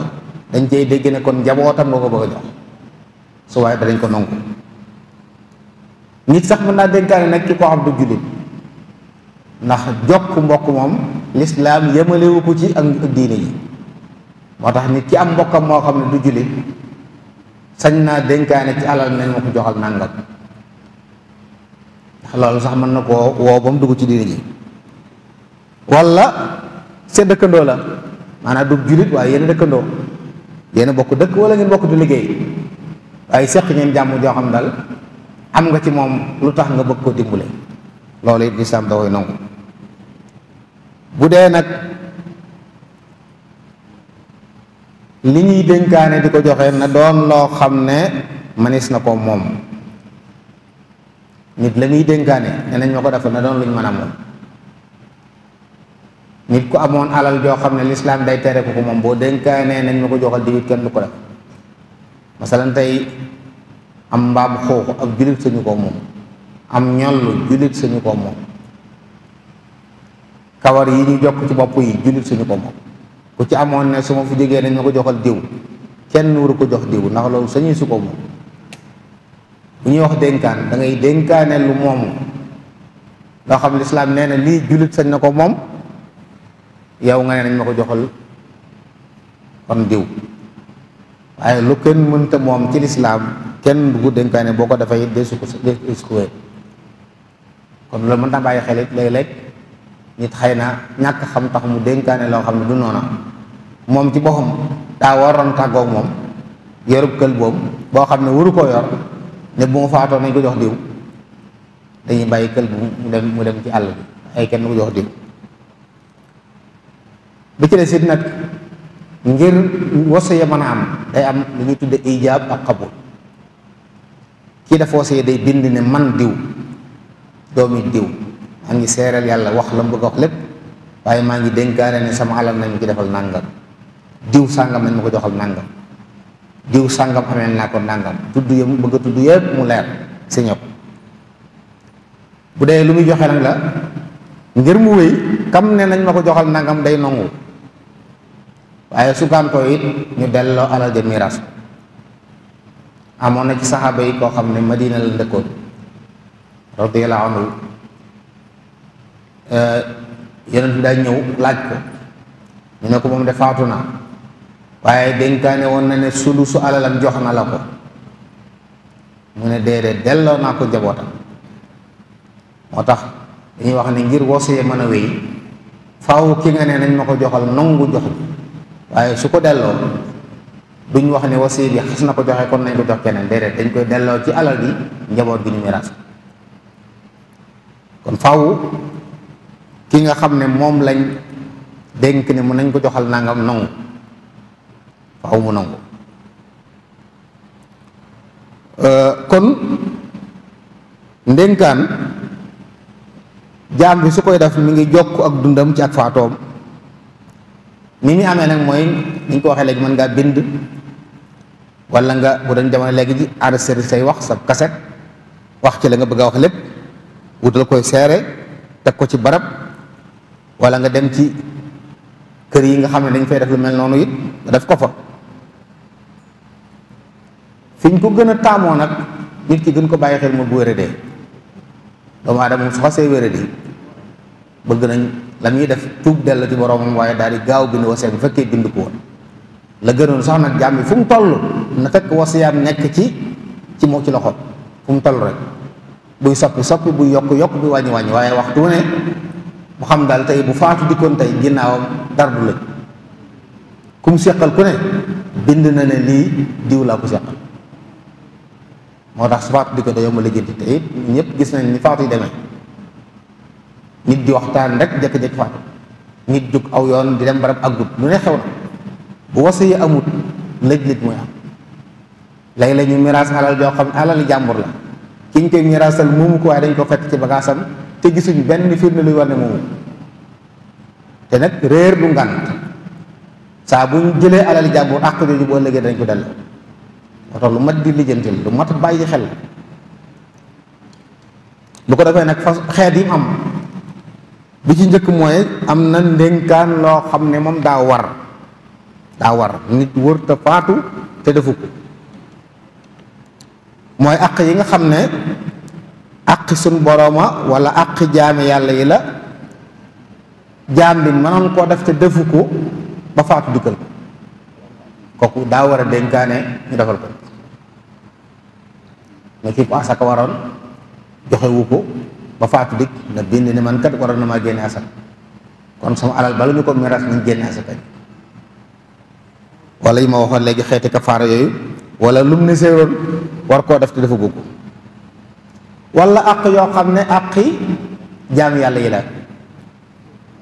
dañ cey dégg ne kon njabootam nga ko bëgg a jox su waaye danañ ko nangu nit sax mën naa dénkaane nag ki ko xam du jullit ndax jokk mbokk moom lislaam yemalewu ko ci ak diine yi moo tax nit ki am mbokkam moo xam ne du jullit sañ naa dénkaane ci alal nañ ma ko joxal nàngam Allah sax man nako wo bam ba ci diri ji wala seen dëkkandoo la mana du julit way yene dëkkandoo yene bokku dekk wala ngeen bokku di liggey waaye seq ngeen jamu jo xam dal am nga ci mom lutax nga bëgg koo dimbale loolu it da way nangu budé nak li ñuy dénkaane joxe na doon lo xam manis nako mom. nit la muy dénkaane ne nañ ma ko defal na doon luñ man a moom nit ku amoon alal joo xam ne lislaam day tere ko ko moom boo dénkaane nañ ma ko joxal diwit kenn du ko def masalan tey am mbaam xuux ak jullit sañu ko moom am ñollu jullit sañu ko moom kawar yi ñu jokk ci bopp yi jullit suñu ko moom ku ci amoon ne su ma fu jegee nañ ma ko joxal diw kenn waru ko jox diw ndax loolu sañu su ko moom bu ñuy wax dénkaan dangay ngay dénkaane lu moomu loo xam lislaam nee na lii jullit sañ na ko moom yow nga ne nañ ma ko joxal kon diw waaye lu kenn mënta moom ci lislaam kenn du dénkaane boo ko dafay desu ko desu ko kon loolu mën tax bàyyi xel it léeg-léeg nit xëy na ñàkk xam tax mu dénkaane loo xam ne du noona moom ci boppam daa waroon tàggoog moom yorub kël boobu boo xam ne waru koo yor ne bu ma faatoo nañ ko jox diw dañuy bàyyi kël bu mu dem mu dem ci àll bi ay kenn mu jox diw bi ci des nag ngir wasiya mën a am day am lu ñuy tudde ijaab ak xabul kii dafa wasiya day bind ne man diw doomi diw maa ngi seeral yàlla wax la mu bëgg a wax lépp waaye maa ngi dénkaane ne sama alal nañ ma ci defal nàngam diw sàngam nañ ma ko joxal nàngam diw sàngam amee naa ko nàngam tudd ya mu bëgg a tudd yëpp mu leer si ñëpp bu dee lu muy joxe nag la ngir mu wéy kam ne nañ ma ko joxal nangam day nongu waaye sukaantoo it ñu delloo alal ja miraas amoon na ci saxaaba yi koo xam ne madina la ndëkkoon radiyallahu anhu euh, yonent bi daa ñëw laaj ko ñu ne ko moom de faatu na waaye dénkaane woon na ne su alalam jox na la ko mu ne déedéet delloo naa ko njabootam moo tax dañuy wax ni ngir wasiya mën a wéy faaw ki nga ne nañ ma ko joxal nangu jox waaye su ko delloo duñ wax ne wasiya bi xas na ko joxe kon nañ ko jox keneen déedéet dañ koy delloo ci alal bi njaboot bi ñu miraas kon faaw ki nga xam ne moom lañ dénk ne mu nañ ko joxal nangam nangu faaw mu nangu euh, kon ndénkaan jaam bi su koy def mu ngi jokk ak dundam ci ak faatoom ni ñu amee nag mooy ni ñu ko waxee léegi mën ngaa bind wala nga bu doon jamono léegi ji enregistré say wax sa kase wax ci la nga bëgg a wax lépp wutal koy seere teg ko ci barab wala nga dem ci kër yi nga xam ne dañ fay def lu mel noonu it nga def ko fa fiñ ko gën a taamoo nag nit ki gën ko bàyyi xel mu bu wéradee doomu aadama su xasee wéradee bëgg nañ la muy def tuub dellu ci boroomam waaye daal di gaaw bind wasiya bu fekkee bind ko woon la gënoon sax nag jàmm bi fu mu toll na fekk wasiyaam nekk ci ci moo ci loxo fu mu toll rek buy soppi soppi buy yokk yokk bi wàññi wàññi waaye waxtu ne mu xam daal tey bu faatu dikkoon tey ginnaawam dara du lëj ku mu seqal ku ne bind na ne lii diw laa ko seqal moo tax subaat di ko dañoo ma te it ñëpp gis nañ ni faatu yi nit di waxtaan rek jek jek faatu nit jug aw yoon di dem barab ak gut lu ne xew bu wasay amut lej lej moy am lay la ñu miraas alal joo xam halal jambur la kiñ te koy miraasal ko way dañ ko fet ci bagasam te gisuñu benn film lu war ne te nak reer du ngant sa buñu ñu halal jambur ak àq jooju bu dañ ko dal moo lu mat di lijjanti lu mat bàyyi xel bu ko defee nag fas xeet yi am bi ci njëkk mooy am na ndénkaan loo xam ne moom daa war daa war nit wër te faatu te defu ko mooy àq yi nga xam ne àq suñ borooma wala àq jaami yàlla yi la jaam bi mënoon koo def te defu ko ba faatu dikkal ko kooku daa war a dénkaane ñu defal ko nga ci asaka waroon joxewu ko ba faatu dikk na bind ne man kat waroon na maa génne asaka kon sama alal bala ñu ko miraas nañ génne asaka wala yi ma waxoon léegi xeeti kafaara yooyu wala lum ne séeroon war koo def te dafa gugg wala àq yoo xam ne àqi jaam yàlla yi la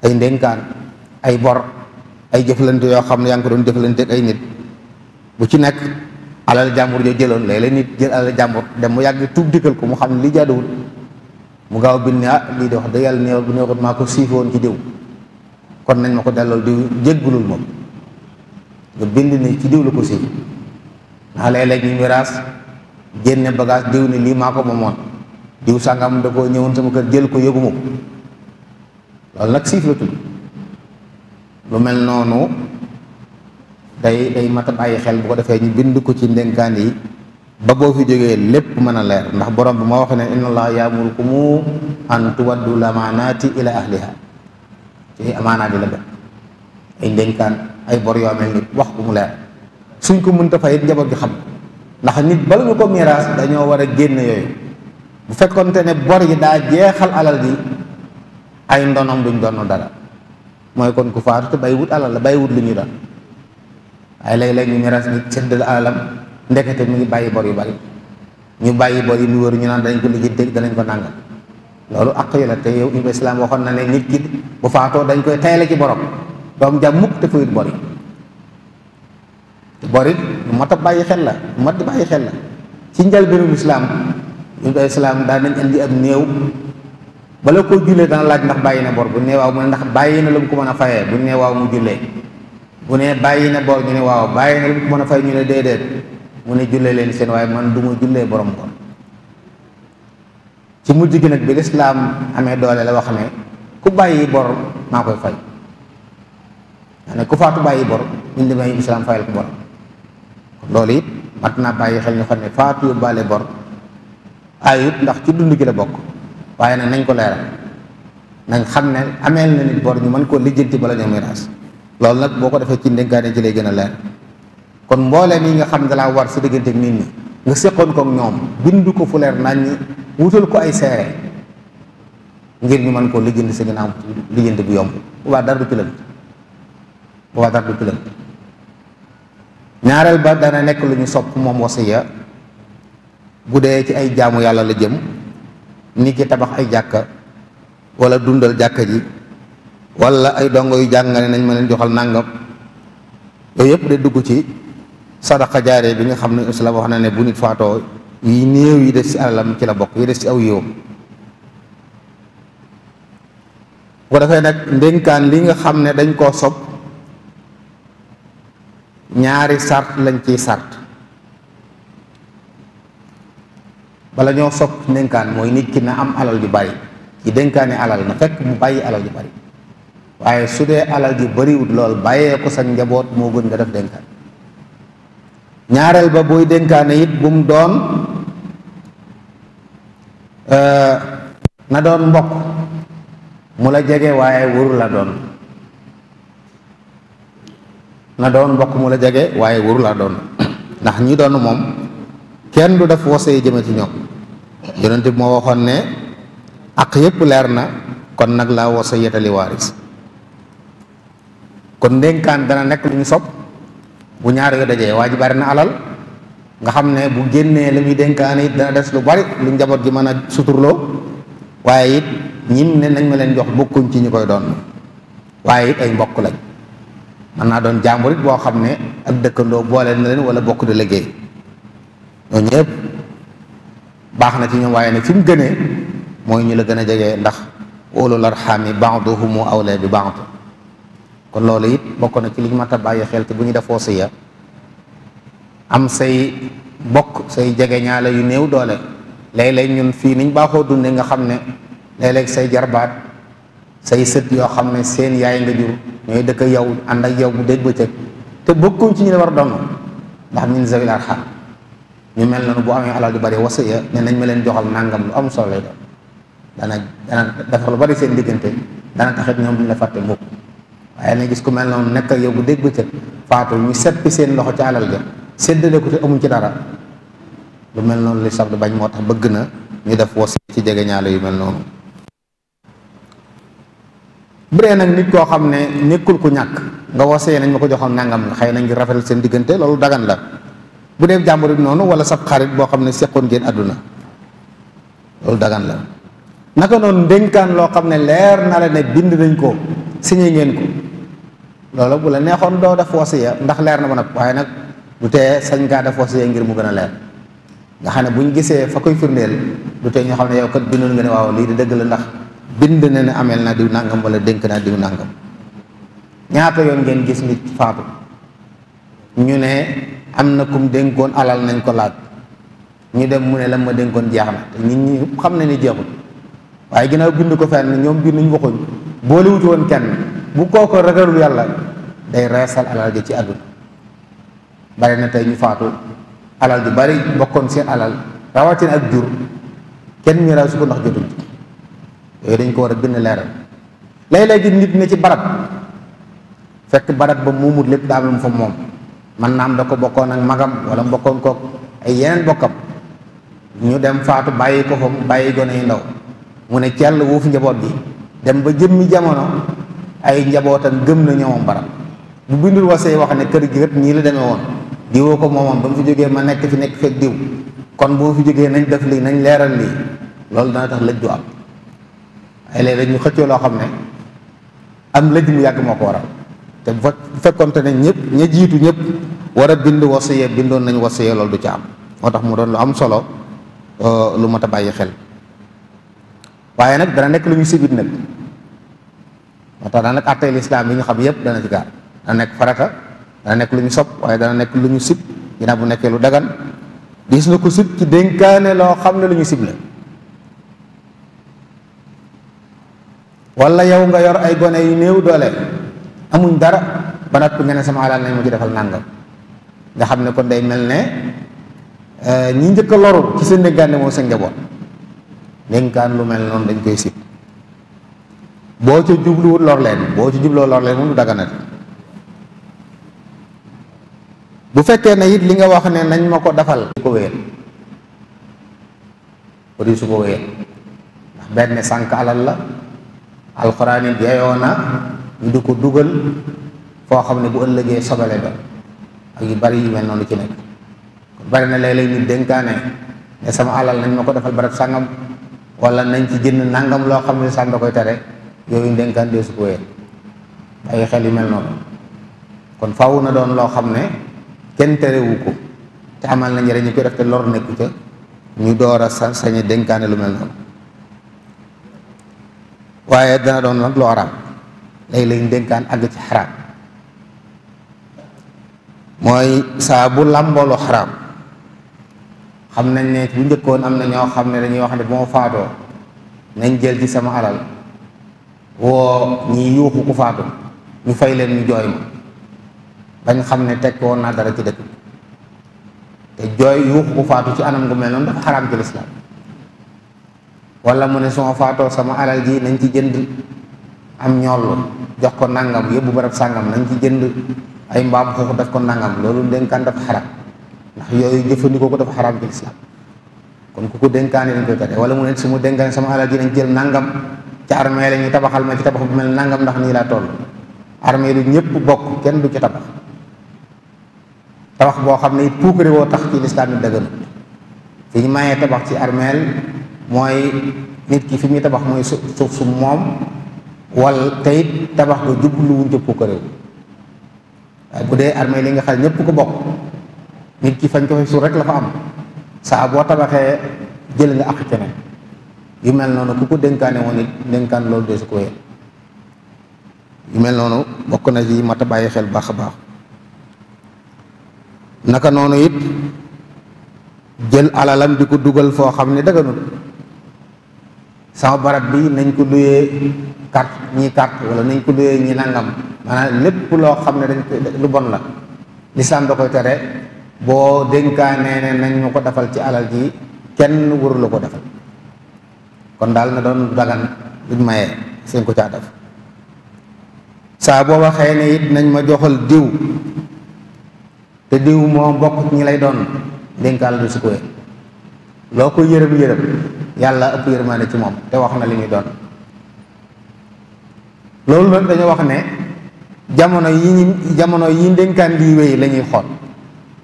ay ndénkaan ay bor ay jëflante yoo xam ne yaa ngi ko doon jëflante ay nit bu ci nekk alal jàmbur joo jëloon léeg-léeg nit jël alal jàmbur dem mu yàgg tuub dikkal ko mu xam ne li jaaduwul mu gaaw bind ne ah lii de wax dëgg yàlla neexul bu neexul maa ko siife woon ci diw kon nañ ma ko delloo diw jéggulul moom nga bind ne ci diw la ko siife ndax léeg-léeg ñu miraas génne bagage diw ne lii maa ko moomoon diw sàngam da koo ñëwoon sama kër jël ko yëguma ko loolu nag siif la tudd lu mel noonu day day mat a xel bu ko defé ñu bind ko ci ndénkaan yi ba bo fi joggé lepp mëna leer ndax borom bu ma wax né inna allaha ya'murukum an tuwaddu lamanati ila ahliha ci amana di la def ay ndénkaan ay bor yo amee nit wax bu mu leer suñ ko ta fay jabo gi xam ndax nit bal nga ko mirage dañoo wara génn bu fekkonté né bor yi da jéxal alal di ay ndonom duñ doono dara moy kon ku faatu bayiwut alal la ay léeg-léeg ñu miiras nit séddal alalam ndekete mu ngi bàyyi bor yu bari ñu bàyyi bor yi lu wër ñu naan danañ ko lijjanti danañ ko nàngam loolu àq yi la te yow ibnu islam waxoon na ne nit ki bu faatoo dañ koy tayale ci borom doom jàmm mukk te fayut bor yi a bàyyi xel la mat di bàyyi xel la ci njëlbéenu islam nañ andi néew bala koo jullee dana laaj ndax bàyyi na bor bu néewaaw mu ne ndax bàyyi na lu mu ko mën a fayee bu néewaaw mu jullee bu ne bàyyi na bor ñu ne waaw bàyyi na lu mën a fay ñu ne déedéet mu ne jullee leen seen waaye man du ma jullee borom bor ci mujj gi nag bi lislaam amee doole la wax ne ku bàyyi bor maa koy fay ne ku faatu bàyyi bor ñun di may islaam fayal ko bor loolu it mat bàyyi xel ñu xam ne faatu yóbbaale bor ayut ndax ci dund gi la bokk waaye nag nañ ko leeral nañ xam ne ameel na nit bor ñu mën koo lijjanti bala ñoo muy raas loolu nag boo ko defee ci ndénkaane ci lay gën a leer kon mbooleem yi nga xam ne laa war sa diggante ak nit ñi nga séqoon ko ñoom bind ko fu leer nañ wutal ko ay seere ngir ñu mën koo lijjanti sa ginnaaw lijjanti bu yomb waa dara du ci lënt boobaa dara du ñaareel ba dana nekk lu ñu sopp moom wasiya bu dee ci ay jaamu yàlla la jëm nit ki tabax ay jàkka wala dundal jàkka ji wala ay dongo yu jàng ne nañ ma leen joxal nàngam yooyu yëpp de dugg ci sadaqa jaare bi nga xam ne islam wax na ne bu nit faatoo yi néew yi des ci alalam ci la bokk yi des ci aw yiwam bu ko defee nag ndénkaan li nga xam ne dañ koo sob ñaari sart lañ ciy sart bala ñoo sob ndénkaan mooy nit ki na am alal yu bari ci dénkaane alal na fekk mu bàyyi alal yu bari waaye su dee alal ji bariwut lool bàyyee ko sa njaboot moo gën nga def dénkaan ñaareel ba booy dénkaane it bu mu doon euh, na doon mbokk mu la jege waaye wuru doon na doon mbokk la jege waaye wuru la doon ndax ñi doon moom kenn du def wose yi jëme ci ñoom yonent bi moo waxoon ne ak yépp leer na kon nag la wose yetali waaris kon ndénkaan dana nekk lu sob bu ñaar yu dajee waa ji bari na alal nga xam ne bu génnee li muy dénkaan it dana des lu bari lu njaboot gi mën a suturloo waaye it ñim ne nañ ma leen jox bokkuñ ci ñu koy doon waaye it ay mbokk lañ mën naa doon jàmbur it boo xam ne ak dëkkandoo boole na leen wala bokk di liggéey ñooñu yëpp baax na ci ñoom waaye nag fi mu gënee mooy ñu la gën a jege ndax ulul arxami baaduhumu awlee bi baadu kon loolu it bokkoon na ci li ñu bàyyi xel te bu ñu def wasiya am say bokk say jege jegeñaale yu néew doole léeg-léeg ñun fii niñ baaxoo dunde nga xam ne léeg-léeg say jarbaat say sët yoo xam ne seen yaay nga jur ñooy dëkk yow ànd ak yow bu dégg bëccëg te bokkuñ ci ñu la war doon ndax min zawil arham ñu mel na nu bu amee alal ju bari wasiya ne nañ ma leen joxal nàngam lu am solo lay doon dana defar lu bari seen diggante dana taxit ñoom duñ la fàtte mukk waaye na gis ko mel noonu nekk ak yow bu dégg bëccëg faatu ñu seppi seen loxo ci alal ja séddale ko te amuñ ci dara lu mel noonu li sab di bañ moo tax bëgg na ñu def wasi ci jege ñaale yu mel noonu bu dee nag nit koo xam ne nekkul ku ñàkk nga wasee nañ ma ko joxoon nangam xëy na ngir rafetal seen diggante loolu dagan la bu dee jàmbur noonu wala sab xarit boo xam ne seqoon ngeen àdduna loolu dagan la naka noonu ndénkaan loo xam ne leer na la ne bind nañ ko loolu bu la neexoon doo def wasiya ndax leer na ba nag waaye nag du tee sañ ngaa def wasiya ngir mu gën a leer nga xam ne buñ gisee fa koy firndeel du tee ñoo xam ne yow kat bindoon nga ne lii di dëgg la ndax bind na ne ameel naa diw nàngam wala dénk naa diw nàngam yoon ngeen gis nit faatu ñu ne am na kum dénkoon alal nañ ko laaj ñu dem mu ne la ma dénkoon jeex na te nit ñi xam ne ni jeexul waaye ginnaaw bind ko fenn ñoom binduñ waxuñ boolewut woon kenn bu kooko ragalul yàlla day reesal alal ji ci àdduna bari na tey ñu faatu alal ju bari mbokkoon seen alal rawatina ak jur kenn miraas su ko ndax jotuñ yooyu dañ ko war a bind leeral léeg-léeg nit ne ci barab fekk barab ba muumut lépp daa am fa moom man naam da ko bokkoon ak magam wala mbokkoon kook ay yeneen bokkam ñu dem faatu bàyyi ko fa bàyyi gone yu ndaw mu ne cell wuuf njaboot bi dem ba jëmmi jamono ay njabootam gëm na ñoom barab bu bindul wasee wax ne kër gi kat ñii la demee woon diwoo ko moomam ba mu fi jógee ma nekk fi nekk fekk diw kon boo fi jógee nañ def lii nañ leeral lii loolu dana tax lëj du am ay léeg ñu xëccee loo xam ne am lëj mu yàgg moo ko waral te bu fekkonte ne ñëpp ña jiitu ñëpp war a bind wasiya bindoon nañu wasiya loolu du ca am moo tax mu doon lu am solo euh, lu mat a bàyyi xel waaye nag dana nekk lu ñu sibit nag moo tax daanaka attey lislaam yi ñu xam yëpp dana ci gaar dana nekk farata dana nekk lu ñu sopp waaye dana nekk lu ñu sib ginnaaw bu nekkee lu dagan gis na ko sib ci dénkaane loo xam ne lu ñu sib la wala yow nga yor ay gone yu néew doole amuñ dara ba nag ku ngeen sama alal nañ mu ci defal nàngam nga xam ne ko day mel ne eh, ñi njëkk a loru ci seen dénkaane moom seen njaboot dénkaan lu mel noonu dañ koy sib boo ca jubluwul lor leen boo ca jubloo lor leen moom du daganat bu fekkee ne it li nga wax ne nañ ma ko defal su benn sànk alal la alxuraan yi na ñu ko dugal foo xam ne bu ëllëgee sobale ba ak yu bari yu mel noonu ci nekk kon bari na léeg-léeg ñu dénkaane ne sama alal nañ ma ko defal barab sàngam wala nañ ci jënd nangam loo xam ne sànn koy tere yooyu ndenkaan deesu ko weer ay xel yu mel noonu kon faaw na doon loo xam ne kenn terewu ko te amal na njëriñ ñu koy def te lor nekku ca ñu door a sa sañe dénkaane lu mel noonu waaye dana doon nag lu araam léeg-léeg dénkaan àgg ci xaraam mooy saa bu làmboolu xaraam xam nañ ne bu njëkkoon am na ñoo xam ne dañuy wax ne bu ma faatoo nañ jël ci sama alal wo ñi yuuxu ku faatu ñu fay leen ñu jooy ma bañ xamne ne tekk woon dara ci dekk te jooy yuuxu ku faatu ci anam gu mel non dafa haram ci l'islam wala mu ne so faato sama alal ji nañ ci jënd am ñoll jox ko nangam yóbbu barab sangam nañ ci jënd ay mbaam ko def ko nangam den kan dafa haram ndax yoy jëfandikoo ko dafa haram ci l'islam kon ku ko dénkaane dañ ko tade wala mu ne su ma sama alal ji nañ jël nangam ci armée la ñuy tabaxal ma ci tabax bu mel nangam ndax nii laa toll armée yi ñëpp bokk kenn du ci tabax tabax boo xam ne it puukare woo tax ci lislaam it dëgënu fi ñu mayee tabax ci armeel mooy nit ki fi muy tabax mooy suuf su moom wal tey tabax ko jubluwuñ ca puukare waaye bu dee armeel yi nga xam ñëpp ko bokk nit ki fañ ko fi suuf rek la fa am saa boo tabaxee jël nga ak keneen yu mel noonu ku ko dénkaane woon it dénkaan loolu dee su ko wéyal yu mel noonu bokk na ci mat bàyyi xel baax a baax naka noonu it jël alalam di ko dugal foo xam ne daganul sama barab bi nañ ko luyee carte ñii carte wala nañ ko luyee ñii nangam maanaam lépp loo xam ne dañ lu bon la lislaam da koy tere boo dénkaanee ne nañ ko defal ci alal ji kenn warula ko defal kon daal na doon dagan luñ maye seen ko caa def saa boo waxee ne it nañ ma joxal diw te diw moo bokk ñi lay doon dénkaal du sukuwe loo ko yërëm yërëm yàlla ëpp yërmaane ci moom te wax na li muy doon loolu nag dañu wax ne jamono yi ñu jamono yi ndénkaan di wéy la ñuy xool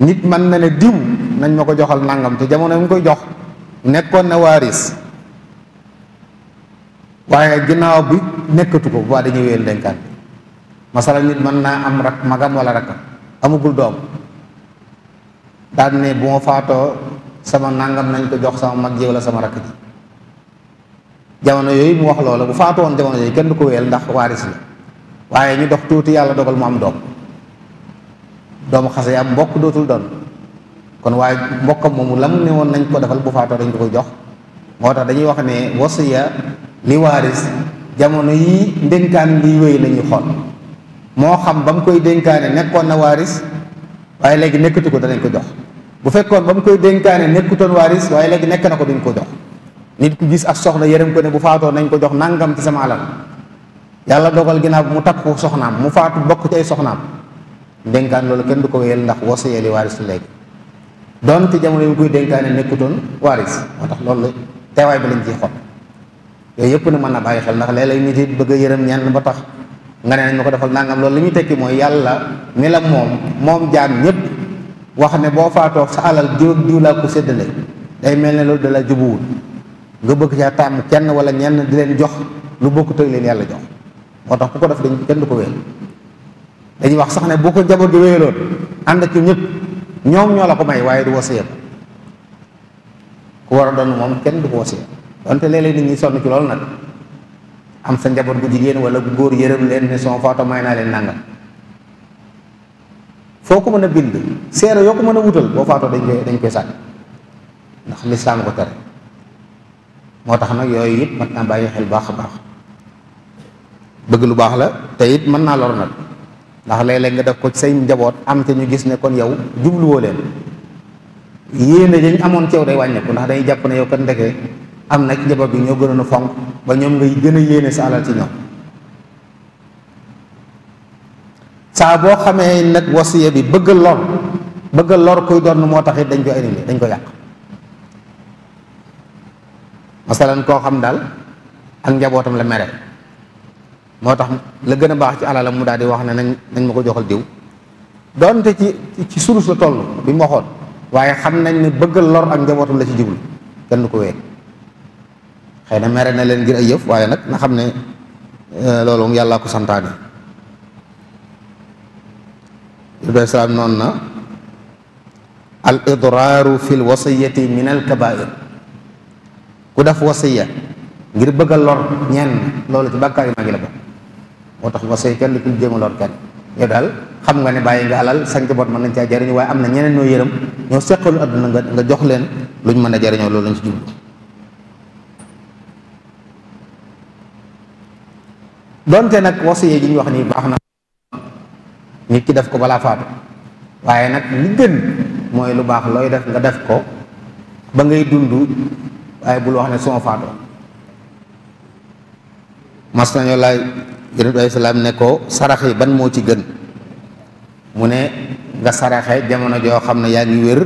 nit man na ne diw nañ ma ko joxal ndàngam te jamono yi mu koy jox nekkoon na waaris waaye ginnaaw bi nekkatu ko bu baax dañuy wéyal denkaan masala nit mën naa am rak magam wala rakam amagul doom daan ne bu ma faatoo sama nàngam nañ ko jox sama mag ji wala sama rakk ji jamono yooyu mu wax loola bu faatoo woon jamono yooyu kenn du ko wéyal ndax waaris la waaye ñu dox tuuti yàlla dogal mu am doom doomu xase ya mbokk dootul doon kon waaye mbokkam moomu lam ne woon nañ ko defal bu faatoo dañ ko koy jox moo tax dañuy wax ne wasiya li waaris jamono yi ndénkaan liy wéy la ñuy moo xam ba mu koy dénkaane nekkoon na waaris waaye léegi nekkatu ko danañ ko jox bu fekkoon ba mu koy dénkaane nekkutoon waaris waaye léegi nekk ko duñ ko jox nit ku gis ak soxna yërëm ko bu faatoo nañ ko jox nangam ci sama alal yàlla dogal ginnaaw bi mu takku soxnaam mu faatu bokk ci ay soxnaam dénkaan loolu kenn du ko wéyal ndax wasiyee li waaris léegi donte jamono yi mu koy dénkaane nekkutoon waaris moo tax loolu teewaay bi lañ ciy yooyu yep na mën a bàyyi xel ndax léeg nit yi bëgg a ñaan ba tax nga neñ nañ ma ko defal nangam loolu limi tekki moy yalla mi mom mom jaam ñepp wax ne bo fa tok sa alal diw ak diw la ko séddale day mel da la jubu jubuwul nga bëgg caa tam kenn wala ñenn di leen jox lu bokku ak leen yalla jox moo tax ku ko def dañ kenn ko wël dañ wax sax ne bu ko jabo di wëyelo and ci ñepp ñom ñola ko may waye du wosé ko war a doon moom kenn du ko wasiyam wante léeg-léeg nit ñi sonn ci loolu nag am sa njaboot bu jigéen wala bu góor yërëm leen soo son photo may naa leen nangam foo ko mën a bind seere yoo ko mën a wutal boo faatoo dañ koy dañ koy sànni ndax lislaam ko tere moo tax nag yooyu it mat naa bàyyi xel baax a baax bëgg lu baax la te it mën naa lor nag ndax léeg-léeg nga def ko ci say njaboot am te ñu gis ne kon yow jubluwoo leen yéene dañ amoon ceew day wàññeeku ndax dañuy jàpp na yow kat ndeke am nag njaboot bi ñoo gënoon a fonk ba ñom ngay gëna yéene sa alal ci ñoom sa bo xamé nak wasiya bi bëgg lor bëgg lor koy doon mo taxé dañ ko annulé dañ ko yaq masalan ko xam dal ak njabotam la méré moo tax la gëna baax ci alalam mu daal di wax na nañ mako ma ko joxal diw ci ci surus su tollu bi mo waxoon waye xam nañ ni bëgg lor ak njabotam la ci jublu kenn ko wéy xeyna na mere na len ngir ay yef waye nak na xamne ne eh, loolu yalla ko santane Ibrahima salam non na al idraru fil wasiyati min al kabair ku daf wasiya ngir bëgg lor ñen lolu ci bàkkaar yi magi la bokk motax tax wasiya kenn ku jëm lor kenn ya dal xam nga ne baye nga alal sa bot man nañ ca jariñu way amna ñeneen no yeeram ñoo sekkalu aduna nga jox len luñu mëna lolu lañ ci donte nak wasiyé ji ñu wax ni baxna nit ki def ko bala faatu waaye nak li gën moy lu bax loy def nga def ko ba ngay dund waaye bul wax ne son faatoo mas nañu laaj yonent bi ne ko saraxé ban mo ci gën mu ne nga saraxé jamono jo xamne ya ngi wër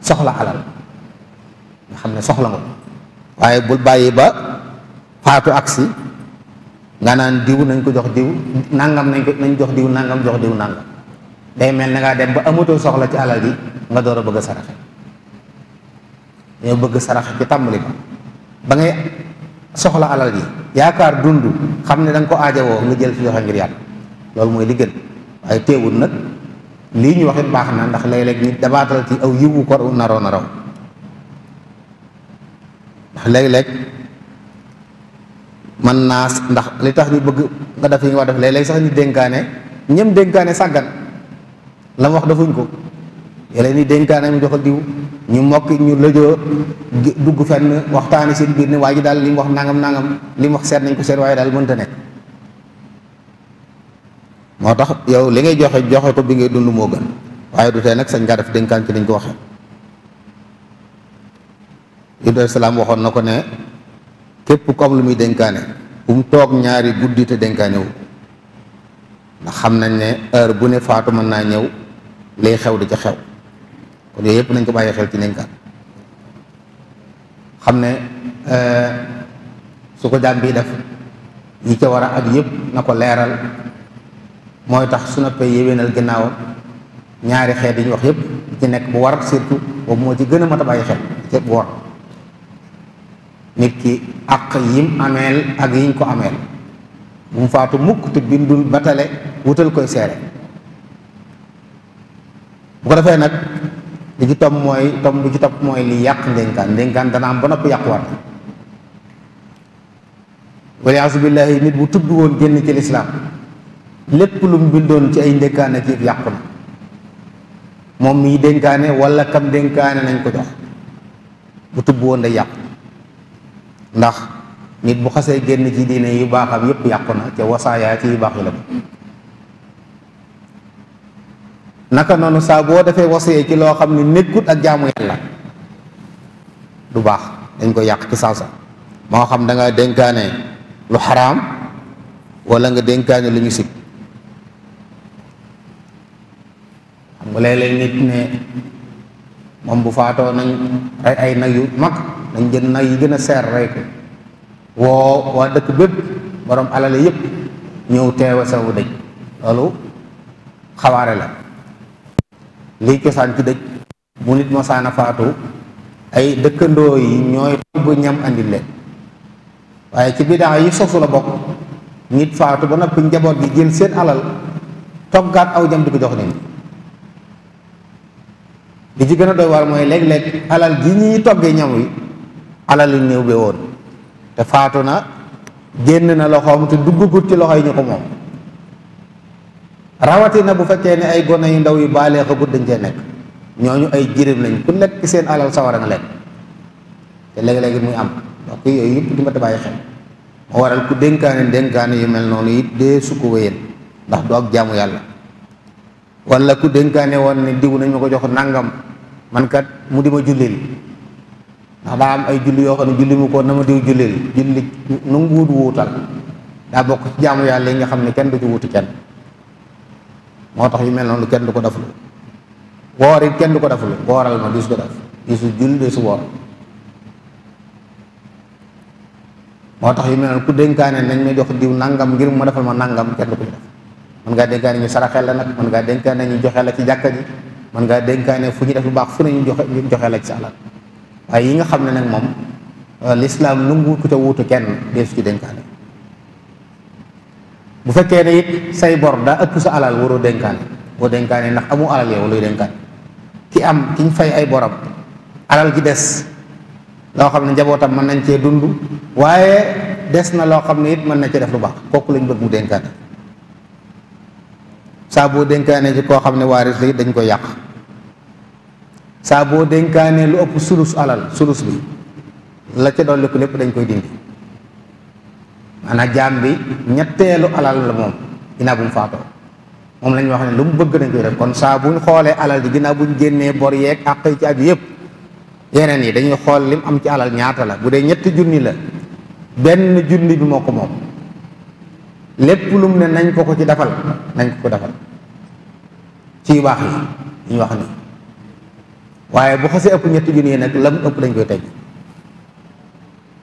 soxla alal nga xam soxla nga waaye bu bàyyi ba faatu aksi nga nan diw nañ ko jox diw nangam nañ ko nañ jox diw nangam jox diw nangam day mel na ngaa dem ba amuto soxla ci alal ji nga doora bëgg a ñu bëgg saraxe ci tambali ba ba ngay soxla alal ji yaakar dundu xamne dang da nga ko aajawoo nga jël fi joxe ngir yàlla lool moy li gën ay teewul nak li ñu waxe it baax na ndax lay léeg nit dabaatal ci aw yiwu ko naro naro lay ndax man naa ndax li tax ñu bëgg nga def yi nga wax def léeg-léeg sax ñu dénkaane ñem dénkaane sàggan la wax defuñ ko yéen ni dénkaane mu joxal diw ñu mokk ñu lëjoo dugg fenn waxtaani seen biir ne waa ji daal li mu wax nangam nangam li mu wax seet nañ ko seen waaye daal mënta nekk moo tax yow li ngay joxe joxe ko bi ngay dund moo gën waaye du tee nag sañ ngaa def dénkaan ci dañ ko waxee Ibrahima salaam waxoon na ko ne képp ku lu muy denkaane bu mu toog ñaari guddi te dénkaane ndax xam nañ ne heure bu ne faatu mën naa ñëw lay xew di ca xew kon yooyu yëpp nañ ko bàyyi xel ci dénkaan xam ne eh, su ko jàmm bi def yi ca war a ak yëpp na ko leeral mooy tax su noppee yéwénal ginnaawam ñaari xeet yi ñu wax yëpp ci nekk bu war surtout boobu moo ci gën a mat a bàyyi xel ci bu war nit ki ak yim ak ko amel mu faatu mukk tu bindul batale wutal koy seere bu ko defé nak li ci tom moy tom bu ci topp moy li yak ndengan ndengan dana am ba war wala waliyaasu billahi nit bu tuddu won genn ci l'islam lepp lu mu bindon ci ay ak wala kam denkané nañ ko jox bu day ndax nit bu xasee génn ci diine yu baaxam yépp yàqu na ca wasaayaa ci yu baax yi la ko naka noonu saa boo defee wasiyee ci loo xam ne nekkut ak jaamu yàlla du baax dañ ko yàq ci salsa moo xam da nga dénkaane lu xaraam wala nga dénkaane lu ñu xam nga léeg-léeg nit ne moom bu faatoo nañ rey ay nag yu mag dañ jël nag yi gën a seer rey ko woo waa dëkk bépp boroom alale yépp ñëw teewe sew dëj loolu xawaare la lii cosaan ci dëj bu nit mosaana faatu ay dëkkandoo yi ñooy waaye ci biir bidaa yi sosu la bokk nit faatu ba noppi njaboot gi jël seet alal toggaat aw jam di ko jox nit li ci gën a doy waar mooy léeg-léeg alal ji ñuy toggee ñam wi alal alalu néew be woon te faatu na génn na loxoom te duggagut ci loxoy ñu ko moom rawatina bu fekkee ne ay gone yu ndaw yu baalee xagut dañ cee nekk ñooñu ay jirim lañ ku lekk seen alal sawara nga lekk te léegi-léegi muy am donc yooyu yëpp di ma bàyyi xel moo waral ku dénkaane dénkaane yu mel noonu it dee su ko wéyal ndax du ak jaamu yàlla wala ku dénkaane woon ne diw nañ ko jox nangam man kat mu di ma jullil ndax am ay julli yo xamni julli mu ko na ma diw jullil julli nanguwut wutal da bok ci jaamu yalla nga xamni ne kenn du ci wutu kenn motax yu mel noonu kenn du ko deflu woor it kenn du ko deflu woral ma dis ko daf disu julli disu woor moo tax yu mel non ku dénkaane nañ ma jox diw nangam ngir mu defal ma nangam kenn du ko daf man nga dénkaane ñu saraxel la nak man nga dénkaane ñu joxe la ci jakka ji man nga dénkaane fu ñu def lu baax fu ne ñu joxe ñu joxe la ci alal waaye yi nga xam ne nag moom euh, lislaam nangu ko te wuutu kenn dee su ci dénkaane bu fekkee ne it say bor daa ëpp sa alal waroo dénkaane boo dénkaane ndax amu alal yow luy dénkaane ki am ki ñu fay ay boram alal ci des loo xam ne njabootam mën nañ cee dund waaye des na loo xam ne it mën na cee def lu baax kokk lañ bëgg mu dénkaane saa boo dénkaane ci koo xam ne waaris la dañ koy yàq Sabu bo denkané lu upp sulus alal sulus bi la ca doon lepp lepp dañ koy dindi ana jambi bi alal la mom ginnaaw buñ faato mom lañ wax lu mu bëgg dañ koy def kon sabun buñ xolé alal ji ginnaaw buñ ñu bor yek ak ci yépp yeneen yi dañuy xol lim am ci alal ñaata la bu dé ñett jooni la ben jooni bi moko mom lepp lu mu ne nañ ko ko ci dafal nañ ko ko ci wax yi ñu wax ni waye bu xasse ëpp ñett jinn yi nak lam ëpp lañ koy tej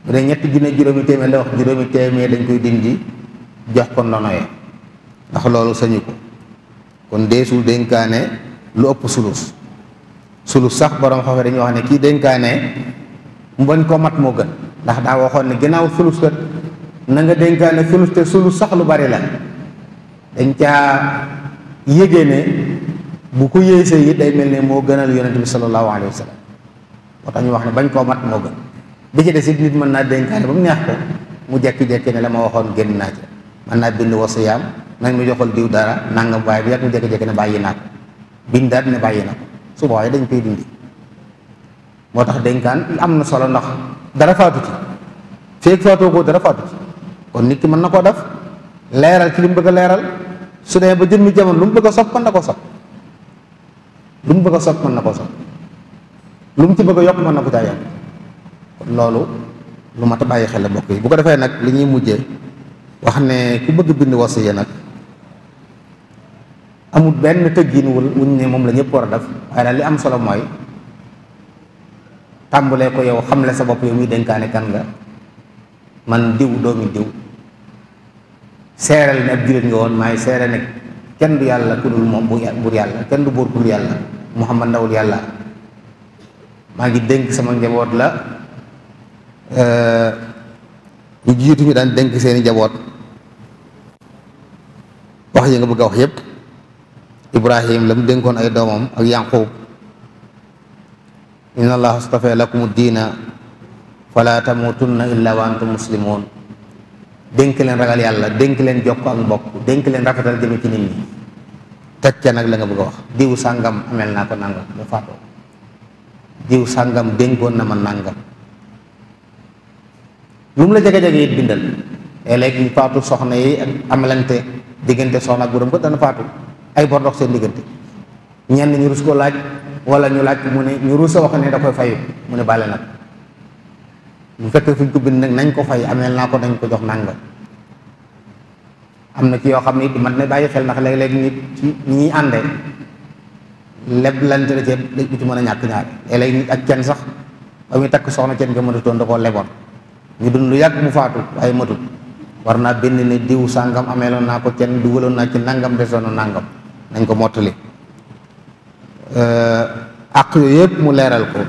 bu ñett jinn junni juroomi témé la wax juroomi témé dañ koy dindi jox ko nonoy ya ndax loolu sañu ko kon déssul dénkaane lu ëpp sulus sulus sax borom xofé dañ wax ne ki dénkaane mu bañ ko mat mo gën ndax da waxon ne ginaaw sulus kat na nga dénkaane sulus té sulus sax lu bari la dañ ca yégée bu ko yéesee yi day mel mo gënal yaronte bi sallallahu alaihi wasallam sallam moo ñu wax ne bañ ko mat mo gën bi ci des nit mën naa dénkaane ba mu neex ko mu jekk jekk ne la ma waxoon génn ci man na bind wasiyaam nañ mu joxal diw dara nangam waaye bi yàgg mu jekk ne bayyi na ko bindaat ne bayyi na ko su boobaa dañ koy dindi motax tax dénkaan solo ndax dara faatu ci fek faatu ko dara faatu ci kon nit ki man nako def leral ci lim mu bëgg a su dee ba jëm jëm lu mu bëgg sopp ko na sopp lu mu bëgg a sot na koo sot lu mu ci bëgg a yokk mën na ko caa loolu lu mata a bàyyi xel la mbokk yi bu ko defee nag li ñuy mujjee wax ne ku bëgg bind ya nag amul benn tëggin wul wuñ ne moom la ñëpp war a def waaye li am solo mooy ko yow xamle sa bopp yow muy dénkaane kan nga man diw doomi diw seeral ne ab nga woon maay seeral ne ken du yalla ku dul mom bu yalla ya- ken du bur dul Muhammad ndawul yalla ma ngi denk sama njabot la ñu jitu ñu daan denk seen njabot wax yi nga bëgg wax yépp Ibrahim lam denkon ay domam ak yaqub inna allaha astafa lakum ad-din fala tamutunna illa wa antum muslimun dénk leen ragal yàlla dénk leen jokk ak mbokk dénk leen rafetal jëme ci nit ñi teg ca nag la nga bëgg a wax diw sàngam amel naa ko nàngam mu faatoo diw sàngam dénkoon na ma nàngam lu mu la jege-jege it bindal léeg ñu faatu soxna yi ak amalante diggante soxna ak borom ko faatu ay bor seen diggante ñenn ñu rus koo laaj wala ñu laaj mu ne ñu rus a wax ne da koy mu ne bàlle nag bu fekkee fuñ ko bind nag nañ ko fay amee naa ko nañ ko jox nangam am na ci yoo xam ne it man na bàyyi xel ndax léeg-léeg nit ci ni ñuy àndee leblante la ceeb dañ ko ci mën a ñàkk ñaar léeg-léeg ak kenn sax ba muy takk soxna kenn nga mënatoon da koo leboon ñu dund lu yàgg mu faatu waaye matut war naa bind ne diw sàngam ameeloon naa ko kenn dugaloon naa ci nangam desoon nangam nañ ko mottali àq yooyu yëpp mu leeral ko.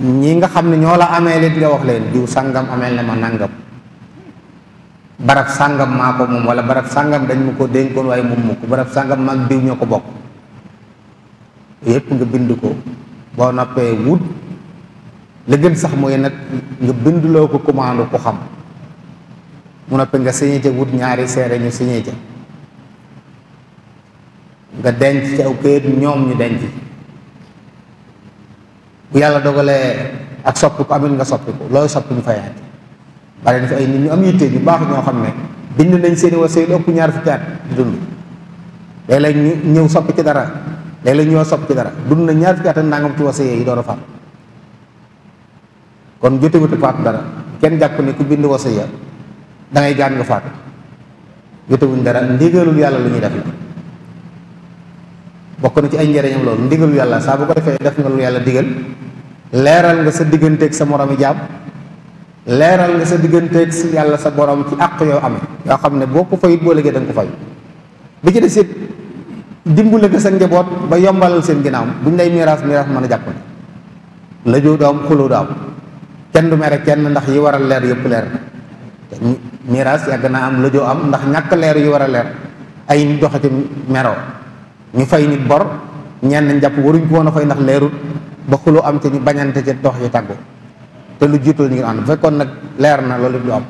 ñi nga xam ne ñoo la amee lit nga wax leen diw sàngam ameel na ma nàngam barab sàngam maa ko moom wala barab sàngam dañ ma ko dénkoon waaye moom mu ko barab sàngam maag diw ñoo ko bokk yépp nga bind ko boo noppee wut li gën sax mooy nag nga binduloo ko commande ko xam mu noppee nga signé ca wut ñaari seere ñu signé ca nga denc ci aw këyit ñoom ñu denc yalla dogalee ak ko amin nga ko loy looy soppiku fayat bari na fi ay nit ñu am yité ñu baax ñoo xamné bind nañ seen wa seen ëpp ñaar fi at dund léeg lañ ñew ñëw ci dara léeg lañ ñoo sopp ci dara dund na ñaar fi at nangam ci wasé yi doora a kon kon jotewut faat dara kenn japp ne ku bind wasé ya da ngay gaan nga faat faatu wuñ dara ndigalul yalla lu ñuy def la bokk na ci ay njëriñam loolu ndigalu yàlla saa bu ko defee def nga lu yàlla digal leeral nga sa digganteek sa moromi jaam leeral nga sa digganteeg si yàlla sa borom ci àq yoo amee yoo xam ne boo ko fayit boo léegi da nga ko fay bi ci des it dimbale nga sa njaboot ba yombalal seen ginnaaw buñ lay miraas miraas mën a jàpp na la joo doom xuloo doom kenn du mere kenn ndax yi war a leer yëpp leer na miraas yàgg naa am la joo am ndax ñàkk leer yi war a leer ay doxe ci ñu fay nit bor ñenn njàpp waruñ ko woon a fay ndax leerul ba xuloo am te ñu bañante ci dox yu tàggu te lu jiitoo ñu ngi ànd bu fekkoon nag leer na loolu du am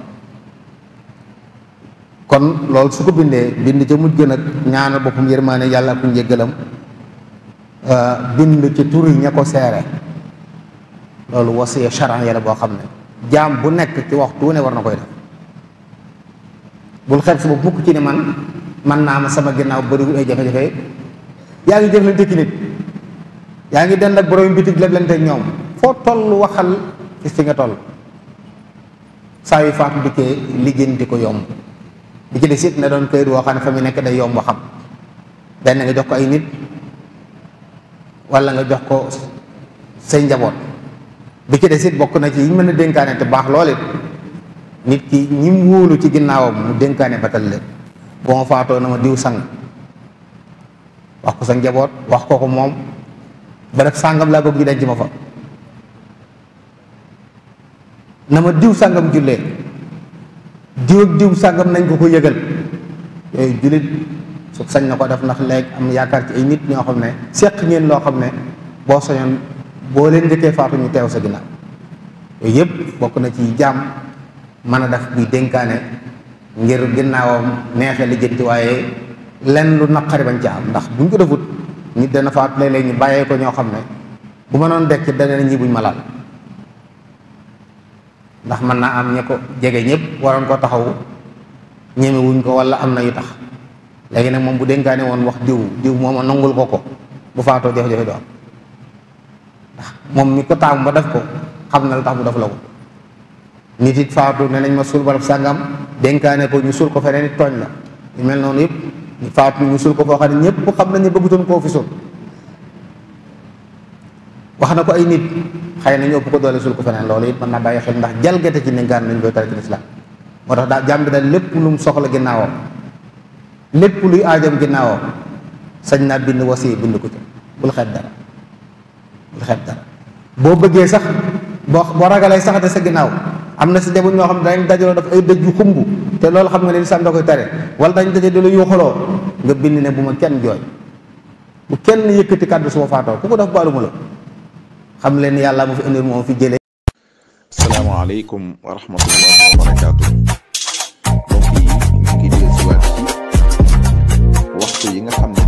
kon loolu su ko bindee bind ca mujj nag ñaanal boppam yërmaane yàlla ak njëggalam euh, bind ci tur yi ña ko seere loolu wasiya charan yàlla boo xam ne jaam bu nekk ci wax wu ne war na koy def bul xeeb sama bukk ci ne man man naa ma sama ginnaaw bëriwul ay jafe-jafe yaa ngi jëflante ki nit yaa ngi dend ak borom bitig leblante ak ñoom foo toll waxal ci fi nga toll saa yu faatu dikkee liggéenti ko yomb di ci des it na doon këyit woo xam ne fa mu nekk day yomb xam benn nga jox ko ay nit wala nga jox ko say njaboot bi ci des it bokk na ci yi mën a dénkaane te baax loole nit ki ñi mu wóolu ci ginnaawam mu dénkaane batal leen boo ma faatoo na ma diw sang wax ko sa njaboot wax ko ko moom ba sàngam laa bëgg ñu denc ma fa na ma diw sàngam jullee diw ak diw sàngam nañ ko ko yëgal yooyu jullit su sañ na ko def ndax léegi am yaakaar ci ay nit ñoo xam ne seq ngeen loo xam ne boo soñoon boo leen njëkkee faatu ñu teew sa ginnaaw yooyu yëpp bokk na ci jaam mën a def buy dénkaane ngir ginnaawam neexe lijjanti waaye lenn lu naqari bañ ca am ndax buñ ko defut nit dana faat léeg-léeg bàyyee ko ñoo xam ne bu ma noon dekk dana ñi buñ ma laal ndax mën naa am ña ko jege ñépp waroon ko taxawu ñeme ko wala am na yu tax léegi nag moom bu dénkaane woon wax diw diw moom a nangul ko ko bu faatoo jafe-jafe do am ndax moom mi ko taamu ba def ko xam na la tax mu def la ko nit it faatu ne nañ ma suul barab sàngam denkaane ko ñu suul ko feneen it tooñ la yu mel noonu yëpp faat ñu suul ko fo xam ñepp ñëpp xam nañu ne bëggutoon koo fi suul waxna ko ay nit xëy ñoo bu ko doole sul ko fenen loolu it man na baye xel ndax jalgate ci ne gaan nañu do tarik islam motax da jamm da lepp lu mu soxla ginaaw lepp luy aajam ginaaw sañ bind wasi bind ko ci bul xeeb dara bul xeeb dara boo bëggee sax bo ragalay sax de sa ginaaw amna ci si ñoo xam dañu dañ daf ay dejju xumbu te loolu xam nga ne lislaam da koy tare wala dañ daje di la yuuxaloo nga bind ne bu ma kenn jooy bu kenn yëkkati kàddu su ma faatoo ku ko def baaluma la xam leen yàllaa mu fi indi moom fi jëlee. salaamaaleykum wa rahmatullahi wa yi ñu waxtu yi nga xam ne